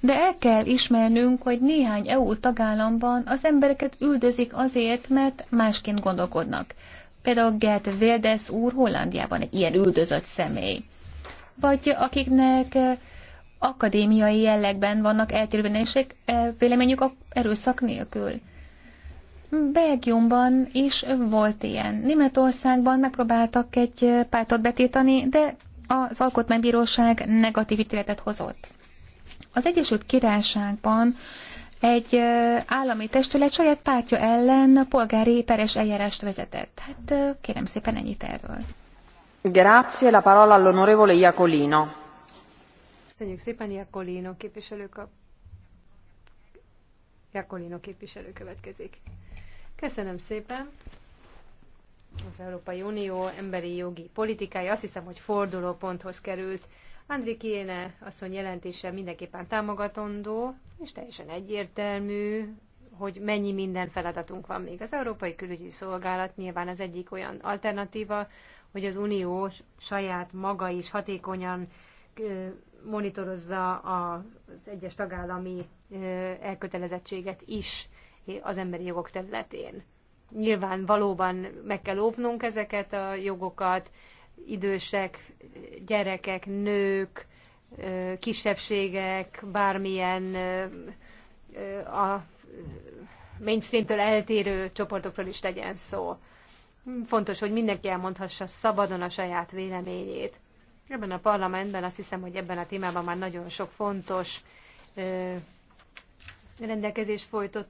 De el kell ismernünk, hogy néhány EU tagállamban az embereket üldözik azért, mert másként gondolkodnak. Például Gert Wildes úr Hollandiában egy ilyen üldözött személy. Vagy akiknek eh, akadémiai jellegben vannak eltérvenések, eh, véleményük a erőszak nélkül. Belgiumban is volt ilyen. Németországban megpróbáltak egy eh, pártot betiltani, de az alkotmánybíróság negatív ítéletet hozott. Az Egyesült Királyságban egy állami testület saját pártja ellen polgári peres eljárást vezetett. Hát kérem szépen ennyit erről. Grazie, la parola all'onorevole Iacolino. Köszönjük szépen, Iacolino képviselők. kap. Iacolino képviselő következik. Köszönöm szépen. Az Európai Unió emberi jogi politikája azt hiszem, hogy fordulóponthoz került. Andri Kiéne asszony jelentése mindenképpen támogatandó, és teljesen egyértelmű, hogy mennyi minden feladatunk van még. Az Európai Külügyi Szolgálat nyilván az egyik olyan alternatíva, hogy az Unió saját maga is hatékonyan monitorozza az egyes tagállami elkötelezettséget is az emberi jogok területén. Nyilván valóban meg kell óvnunk ezeket a jogokat, idősek, gyerekek, nők, kisebbségek bármilyen a mainstreamtől eltérő csoportokról is legyen szó. Fontos, hogy mindenki elmondhassa szabadon a saját véleményét. Ebben a parlamentben azt hiszem, hogy ebben a témában már nagyon sok fontos rendelkezést folytott,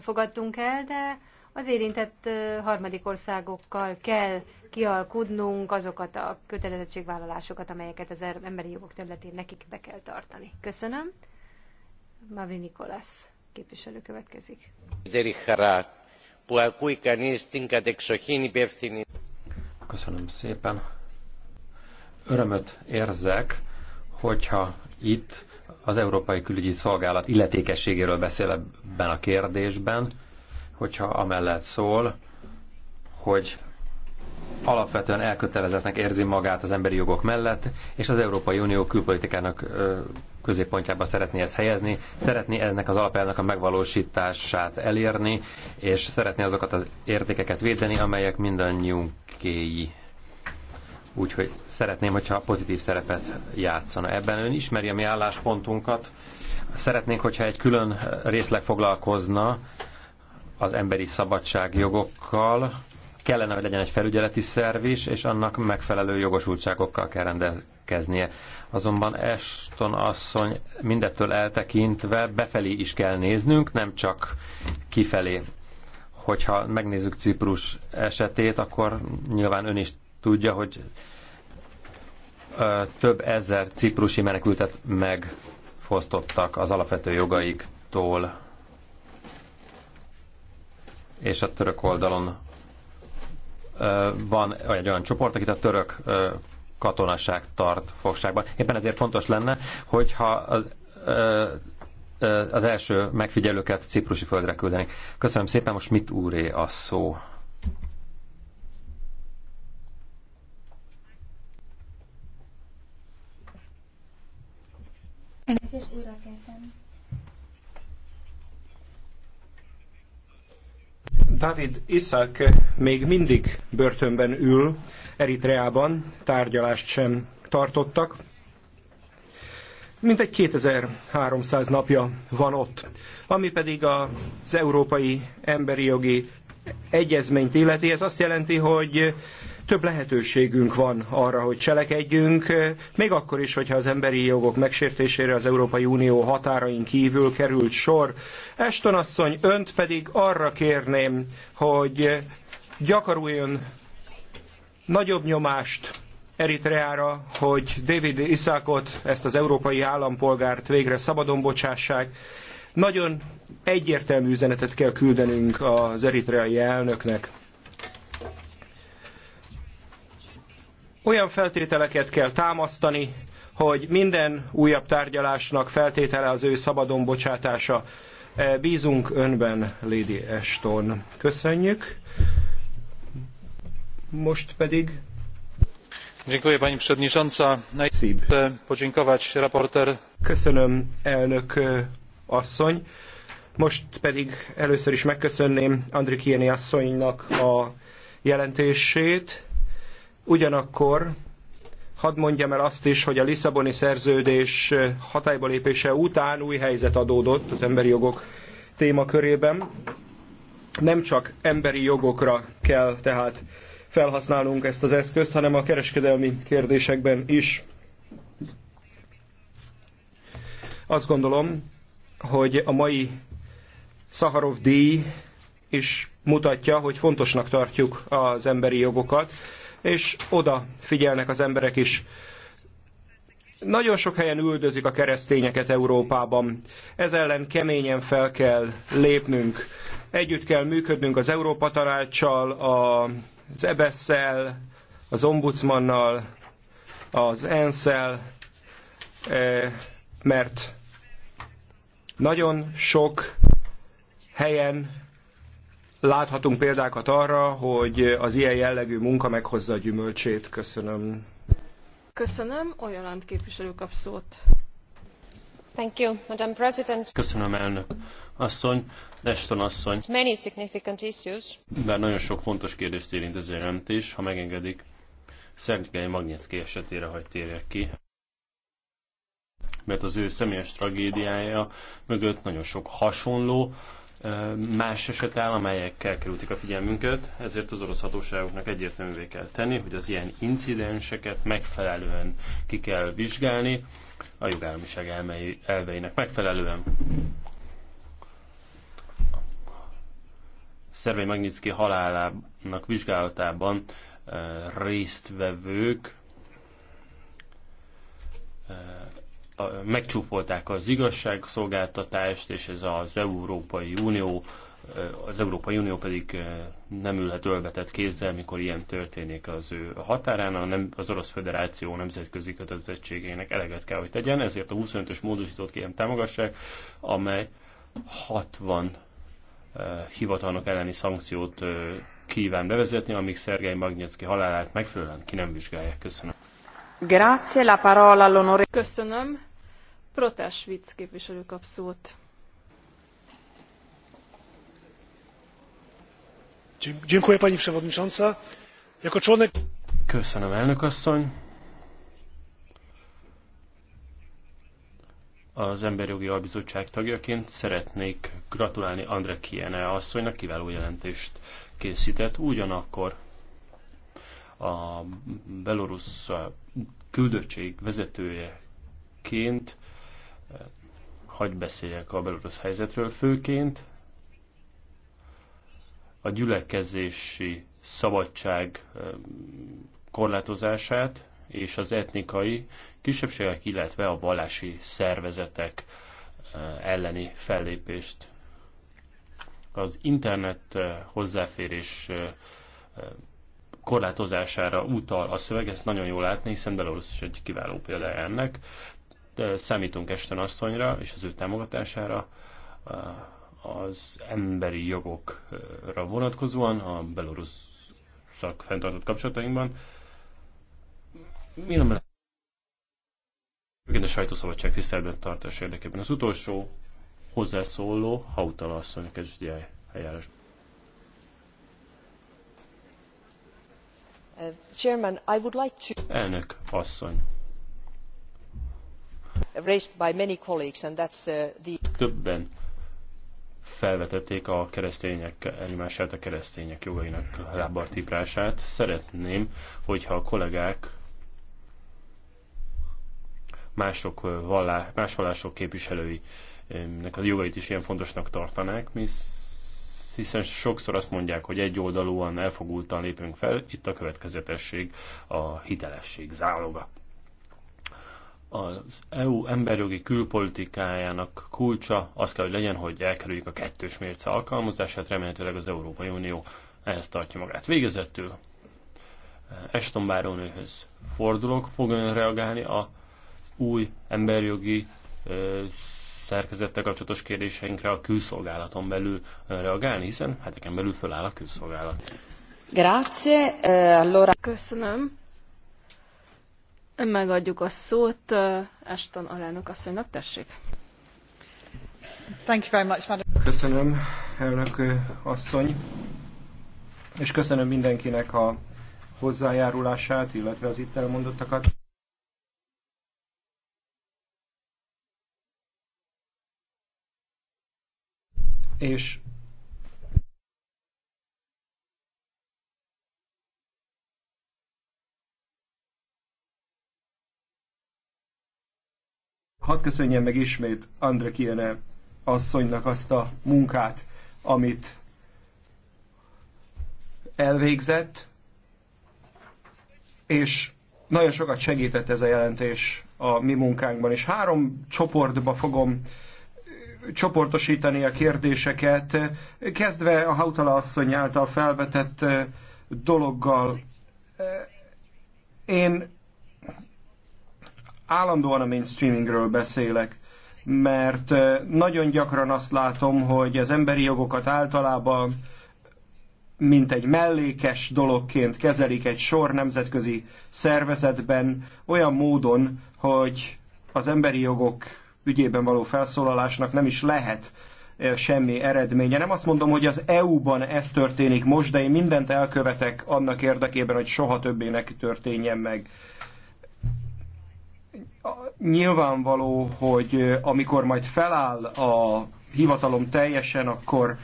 fogadtunk el, de az érintett harmadik országokkal kell kialkudnunk azokat a kötelezettségvállalásokat, amelyeket az er- emberi jogok területén nekik be kell tartani. Köszönöm. Mavri Nikolász képviselő következik. Köszönöm szépen. Örömöt érzek, hogyha itt az Európai Külügyi Szolgálat illetékességéről beszél ebben a kérdésben, hogyha amellett szól, hogy alapvetően elkötelezettnek érzi magát az emberi jogok mellett, és az Európai Unió külpolitikának középpontjába szeretné ezt helyezni, szeretné ennek az alapjának a megvalósítását elérni, és szeretné azokat az értékeket védeni, amelyek mindannyiunkéi. Úgyhogy szeretném, hogyha pozitív szerepet játszana ebben. Ön ismeri a mi álláspontunkat. Szeretnénk, hogyha egy külön részleg foglalkozna az emberi szabadság jogokkal kellene, hogy legyen egy felügyeleti szerv is, és annak megfelelő jogosultságokkal kell rendelkeznie. Azonban Eston asszony mindettől eltekintve befelé is kell néznünk, nem csak kifelé. Hogyha megnézzük Ciprus esetét, akkor nyilván ön is tudja, hogy több ezer ciprusi menekültet megfosztottak az alapvető jogaiktól és a török oldalon van egy olyan csoport, akit a török katonaság tart fogságban. Éppen ezért fontos lenne, hogyha az, az első megfigyelőket ciprusi földre küldenek. Köszönöm szépen, most mit úré a szó? Elnézést, újra David Iszak még mindig börtönben ül, Eritreában tárgyalást sem tartottak. Mintegy 2300 napja van ott. Ami pedig az Európai Emberi Jogi Egyezményt illeti, ez azt jelenti, hogy több lehetőségünk van arra, hogy cselekedjünk, még akkor is, hogyha az emberi jogok megsértésére az Európai Unió határain kívül került sor. Eston asszony, önt pedig arra kérném, hogy gyakoroljon nagyobb nyomást Eritreára, hogy David Iszákot, ezt az európai állampolgárt végre szabadon bocsássák. Nagyon egyértelmű üzenetet kell küldenünk az eritreai elnöknek. Olyan feltételeket kell támasztani, hogy minden újabb tárgyalásnak feltétele az ő szabadon bocsátása. E, bízunk önben, Lady Ashton. Köszönjük. Most pedig pani przewodnicząca! najpierw podziękować sprawozdawczyni. köszönöm elnök e, asszony most pedig először is megköszönném andrikien asszonynak a jelentését. Ugyanakkor hadd mondjam el azt is, hogy a Lisszaboni szerződés hatályba lépése után új helyzet adódott az emberi jogok témakörében. Nem csak emberi jogokra kell tehát felhasználnunk ezt az eszközt, hanem a kereskedelmi kérdésekben is. Azt gondolom, hogy a mai Szaharov díj is mutatja, hogy fontosnak tartjuk az emberi jogokat és oda figyelnek az emberek is. Nagyon sok helyen üldözik a keresztényeket Európában. Ez ellen keményen fel kell lépnünk. Együtt kell működnünk az Európa Tanácssal, az ebesz az Ombudsmannal, az ensz eh, mert nagyon sok helyen láthatunk példákat arra, hogy az ilyen jellegű munka meghozza a gyümölcsét. Köszönöm. Köszönöm. Olyan képviselő kap szót. Thank you, Madam President. Köszönöm, elnök asszony, Ashton asszony. It's many significant issues. Bár nagyon sok fontos kérdést érint ez a jelentés, ha megengedik, Szergei Magnyecki esetére hagy térjek ki mert az ő személyes tragédiája mögött nagyon sok hasonló, más eset áll, amelyekkel kerültik a figyelmünket, ezért az orosz hatóságoknak egyértelművé kell tenni, hogy az ilyen incidenseket megfelelően ki kell vizsgálni, a jogállamiság elveinek megfelelően. Szervei Magnitsky halálának vizsgálatában résztvevők megcsúfolták az igazságszolgáltatást, és ez az Európai Unió, az Európai Unió pedig nem ülhet ölvetett kézzel, mikor ilyen történik az ő határán, hanem az Orosz Föderáció nemzetközi kötelezettségének eleget kell, hogy tegyen, ezért a 25-ös módosítót kérem támogassák, amely 60 hivatalnok elleni szankciót kíván bevezetni, amíg Szergei Magnyecki halálát megfelelően ki nem vizsgálják. Köszönöm. Köszönöm, la parola all'onore. Köszönöm. Protásvic képviselő kap szót. Dziękuję pani przewodnicząca. Jako członek... Köszönöm, elnök asszony. Az Emberjogi Albizottság tagjaként szeretnék gratulálni Andre Kiene asszonynak, kiváló jelentést készített. Ugyanakkor a belorusz küldöttség vezetőjeként hagy beszéljek a belorusz helyzetről főként. A gyülekezési szabadság korlátozását és az etnikai kisebbségek, illetve a vallási szervezetek elleni fellépést. Az internet hozzáférés korlátozására utal a szöveg, ezt nagyon jól látni, hiszen Belarus is egy kiváló példa ennek. De számítunk Esten asszonyra és az ő támogatására eh, az emberi jogokra vonatkozóan a belorusz fenntartott kapcsolatainkban. Mi nem lehet? a sajtószabadság tiszteletben tartás érdekében. Az utolsó hozzászóló utal asszony kezdi eljárásban. Elnök asszony. by many colleagues, and that's uh, the... Többen felvetették a keresztények egymását, a keresztények jogainak lábbartiprását. Szeretném, hogyha a kollégák mások vallá, más vallások képviselőinek a jogait is ilyen fontosnak tartanák. Mi hiszen sokszor azt mondják, hogy egyoldalúan, elfogultan lépünk fel, itt a következetesség a hitelesség záloga. Az EU emberjogi külpolitikájának kulcsa az kell, hogy legyen, hogy elkerüljük a kettős mérce alkalmazását, remélhetőleg az Európai Unió ehhez tartja magát. Végezetül Eston Báronőhöz fordulok, fog ön reagálni a új emberjogi szerkezettel kapcsolatos kérdéseinkre a külszolgálaton belül reagálni, hiszen heteken belül föláll a külszolgálat. Grazie, allora... Köszönöm. Megadjuk a szót Eston alelnök asszonynak, tessék. Thank you very much, madam. Köszönöm, elnök asszony, és köszönöm mindenkinek a hozzájárulását, illetve az itt elmondottakat. és hadd köszönjem meg ismét Andre Kiene asszonynak azt a munkát, amit elvégzett, és nagyon sokat segített ez a jelentés a mi munkánkban, és három csoportba fogom csoportosítani a kérdéseket, kezdve a Hautala asszony által felvetett dologgal. Én állandóan a mainstreamingről beszélek, mert nagyon gyakran azt látom, hogy az emberi jogokat általában mint egy mellékes dologként kezelik egy sor nemzetközi szervezetben olyan módon, hogy az emberi jogok ügyében való felszólalásnak nem is lehet semmi eredménye. Nem azt mondom, hogy az EU-ban ez történik most, de én mindent elkövetek annak érdekében, hogy soha többé neki történjen meg. Nyilvánvaló, hogy amikor majd feláll a hivatalom teljesen, akkor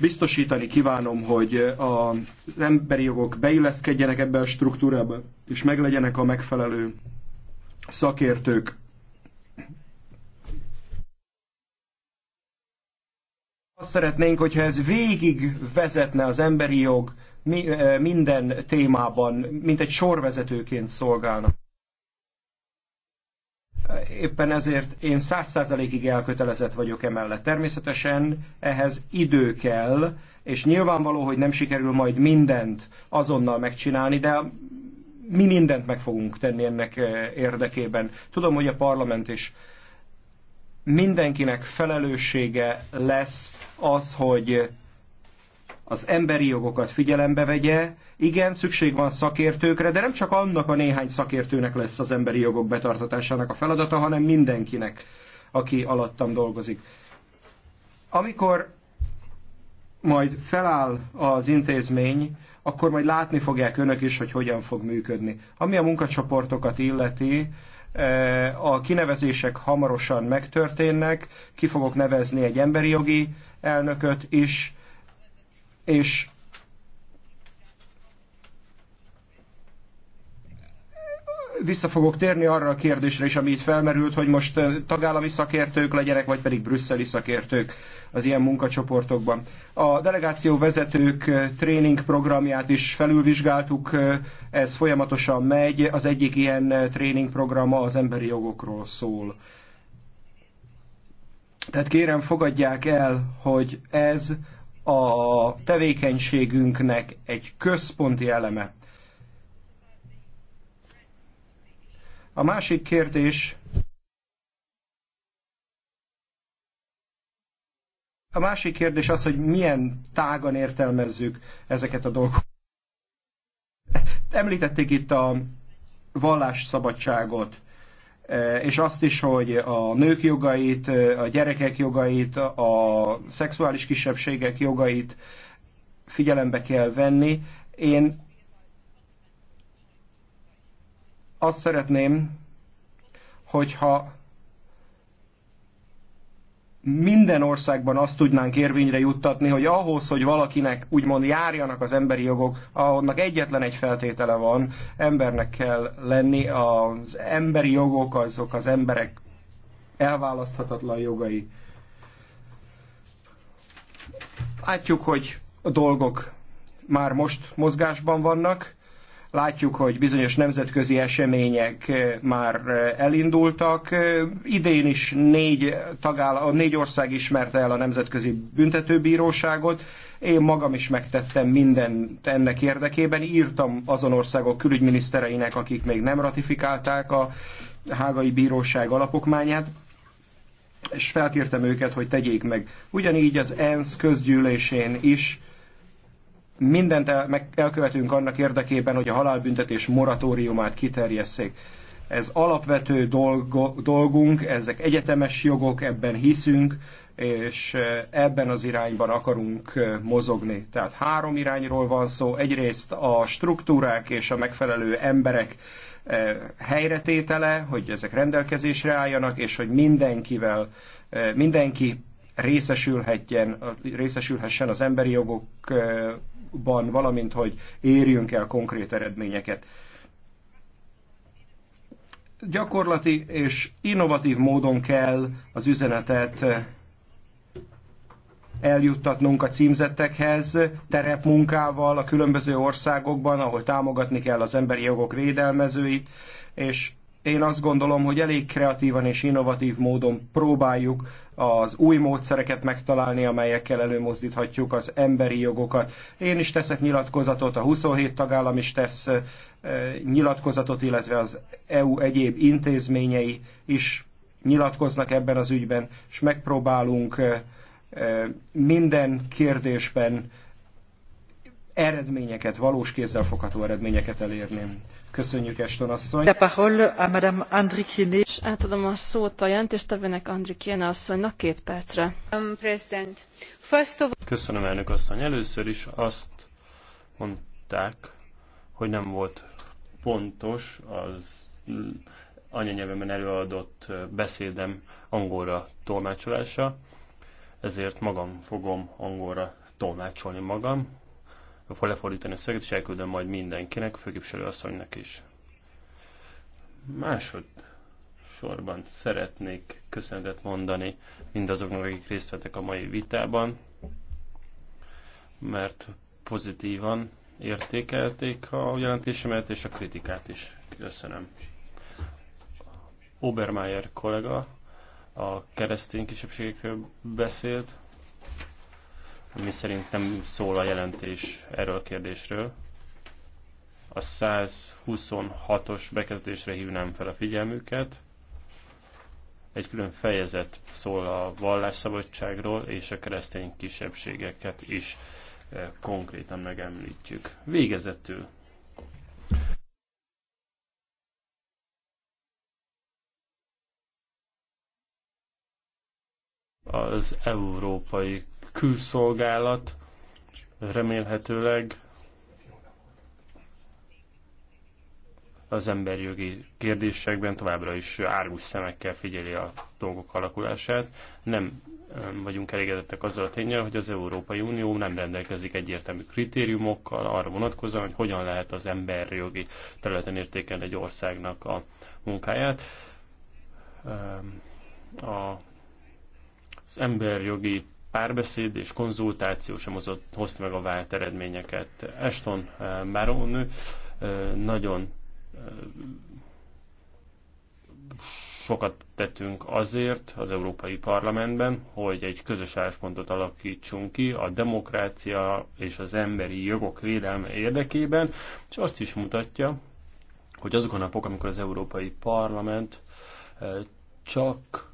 biztosítani kívánom, hogy az emberi jogok beilleszkedjenek ebbe a struktúrába, és meglegyenek a megfelelő szakértők. Azt szeretnénk, hogyha ez végig vezetne az emberi jog minden témában, mint egy sorvezetőként szolgálna. Éppen ezért én száz százalékig elkötelezett vagyok emellett. Természetesen ehhez idő kell, és nyilvánvaló, hogy nem sikerül majd mindent azonnal megcsinálni, de mi mindent meg fogunk tenni ennek érdekében. Tudom, hogy a parlament is mindenkinek felelőssége lesz az, hogy az emberi jogokat figyelembe vegye. Igen, szükség van szakértőkre, de nem csak annak a néhány szakértőnek lesz az emberi jogok betartatásának a feladata, hanem mindenkinek, aki alattam dolgozik. Amikor majd feláll az intézmény, akkor majd látni fogják önök is, hogy hogyan fog működni. Ami a munkacsoportokat illeti, Eh, a kinevezések hamarosan megtörténnek, ki fogok nevezni egy emberi jogi elnököt is, és vissza fogok térni arra a kérdésre is, ami itt felmerült, hogy most tagállami szakértők legyenek, vagy pedig brüsszeli szakértők az ilyen munkacsoportokban. A delegáció vezetők tréning programját is felülvizsgáltuk, ez folyamatosan megy, az egyik ilyen tréning programa az emberi jogokról szól. Tehát kérem, fogadják el, hogy ez a tevékenységünknek egy központi eleme. A másik kérdés A másik kérdés az, hogy milyen tágan értelmezzük ezeket a dolgokat. Említették itt a vallásszabadságot, eh, és azt is, hogy a nők jogait, eh, a gyerekek jogait, a szexuális kisebbségek jogait figyelembe kell venni. Én Azt szeretném, hogyha minden országban azt tudnánk érvényre juttatni, hogy ahhoz, hogy valakinek úgymond járjanak az emberi jogok, annak egyetlen egy feltétele van, embernek kell lenni, az emberi jogok azok az emberek elválaszthatatlan jogai. Látjuk, hogy a dolgok már most mozgásban vannak, Látjuk, hogy bizonyos nemzetközi események eh, már eh, elindultak. Eh, idén is négy, tagáll- négy ország ismerte el a Nemzetközi Büntetőbíróságot. Én magam is megtettem mindent ennek érdekében. Írtam azon országok külügyminisztereinek, akik még nem ratifikálták a hágai bíróság alapokmányát és felkértem őket, hogy tegyék meg. Ugyanígy az ENSZ közgyűlésén is mindent el, meg, elkövetünk annak érdekében, hogy a halálbüntetés moratóriumát kiterjesszék. Ez alapvető dolgo, dolgunk, ezek egyetemes jogok, ebben hiszünk, és eh, ebben az irányban akarunk eh, mozogni. Tehát három irányról van szó. Egyrészt a struktúrák és a megfelelő emberek eh, helyretétele, hogy ezek rendelkezésre álljanak, és hogy mindenkivel, mindenki részesülhetjen, részesülhessen az emberi jogok ban, valamint hogy érjünk el konkrét eredményeket. Gyakorlati és innovatív módon kell az üzenetet eljuttatnunk a címzettekhez, terepmunkával a különböző országokban, ahol támogatni kell az emberi jogok védelmezőit, és én azt gondolom, hogy elég kreatívan és innovatív módon próbáljuk az új módszereket megtalálni, amelyekkel előmozdíthatjuk az emberi jogokat. Én is teszek nyilatkozatot, a 27 tagállam is tesz eh, nyilatkozatot, illetve az EU egyéb intézményei is nyilatkoznak ebben az ügyben, és megpróbálunk eh, eh, minden kérdésben eredményeket, valós kézzelfogható eredményeket elérni. Köszönjük, Eston asszony. De parole a Madame Andrikiné. És átadom a szót a jelentéstevőnek Andrikiné asszonynak két percre. Um, president. First of... Köszönöm, elnök asszony. Először is azt mondták, hogy nem volt pontos az anyanyelvemen előadott beszédem angolra tolmácsolása, ezért magam fogom angolra tolmácsolni magam fog lefordítani a szöget, és elküldöm majd mindenkinek, főképviselő asszonynak is. Másod sorban szeretnék köszönetet mondani mindazoknak, akik részt vettek a mai vitában, mert pozitívan értékelték a jelentésemet és a kritikát is. Köszönöm. Obermeier kollega a keresztény kisebbségekről beszélt, ami szerint nem szól a jelentés erről a kérdésről. A 126-os bekezdésre hívnám fel a figyelmüket. Egy külön fejezet szól a vallásszabadságról, és a keresztény kisebbségeket is e, konkrétan megemlítjük. Végezetül az európai külszolgálat remélhetőleg az emberjogi kérdésekben továbbra is árgus szemekkel figyeli a dolgok alakulását. Nem vagyunk elégedettek azzal a tényel, hogy az Európai Unió nem rendelkezik egyértelmű kritériumokkal arra vonatkozóan, hogy hogyan lehet az emberjogi területen értékelni egy országnak a munkáját. A, az emberjogi párbeszéd és konzultáció sem hozott, hozta meg a vált eredményeket. Eston eh, Barónő eh, nagyon eh, sokat tettünk azért az Európai Parlamentben, hogy egy közös álláspontot alakítsunk ki a demokrácia és az emberi jogok védelme érdekében, és azt is mutatja, hogy azok a napok, amikor az Európai Parlament csak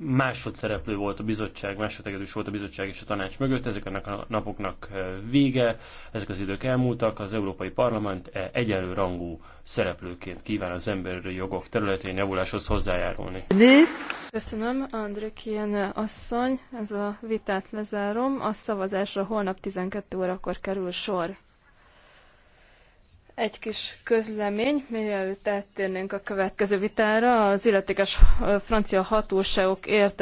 másodszereplő volt a bizottság, másodtegedős volt a bizottság és a tanács mögött, ezek a napoknak eh, vége, ezek az idők elmúltak, az Európai Parlament eh, egyenlő rangú szereplőként kíván az emberi jogok területén javuláshoz hozzájárulni. Köszönöm, André Kien asszony, ez a vitát lezárom, a szavazásra holnap 12 órakor kerül sor. Egy kis közlemény, mielőtt áttérnénk a következő vitára, az illetékes francia hatóságok érte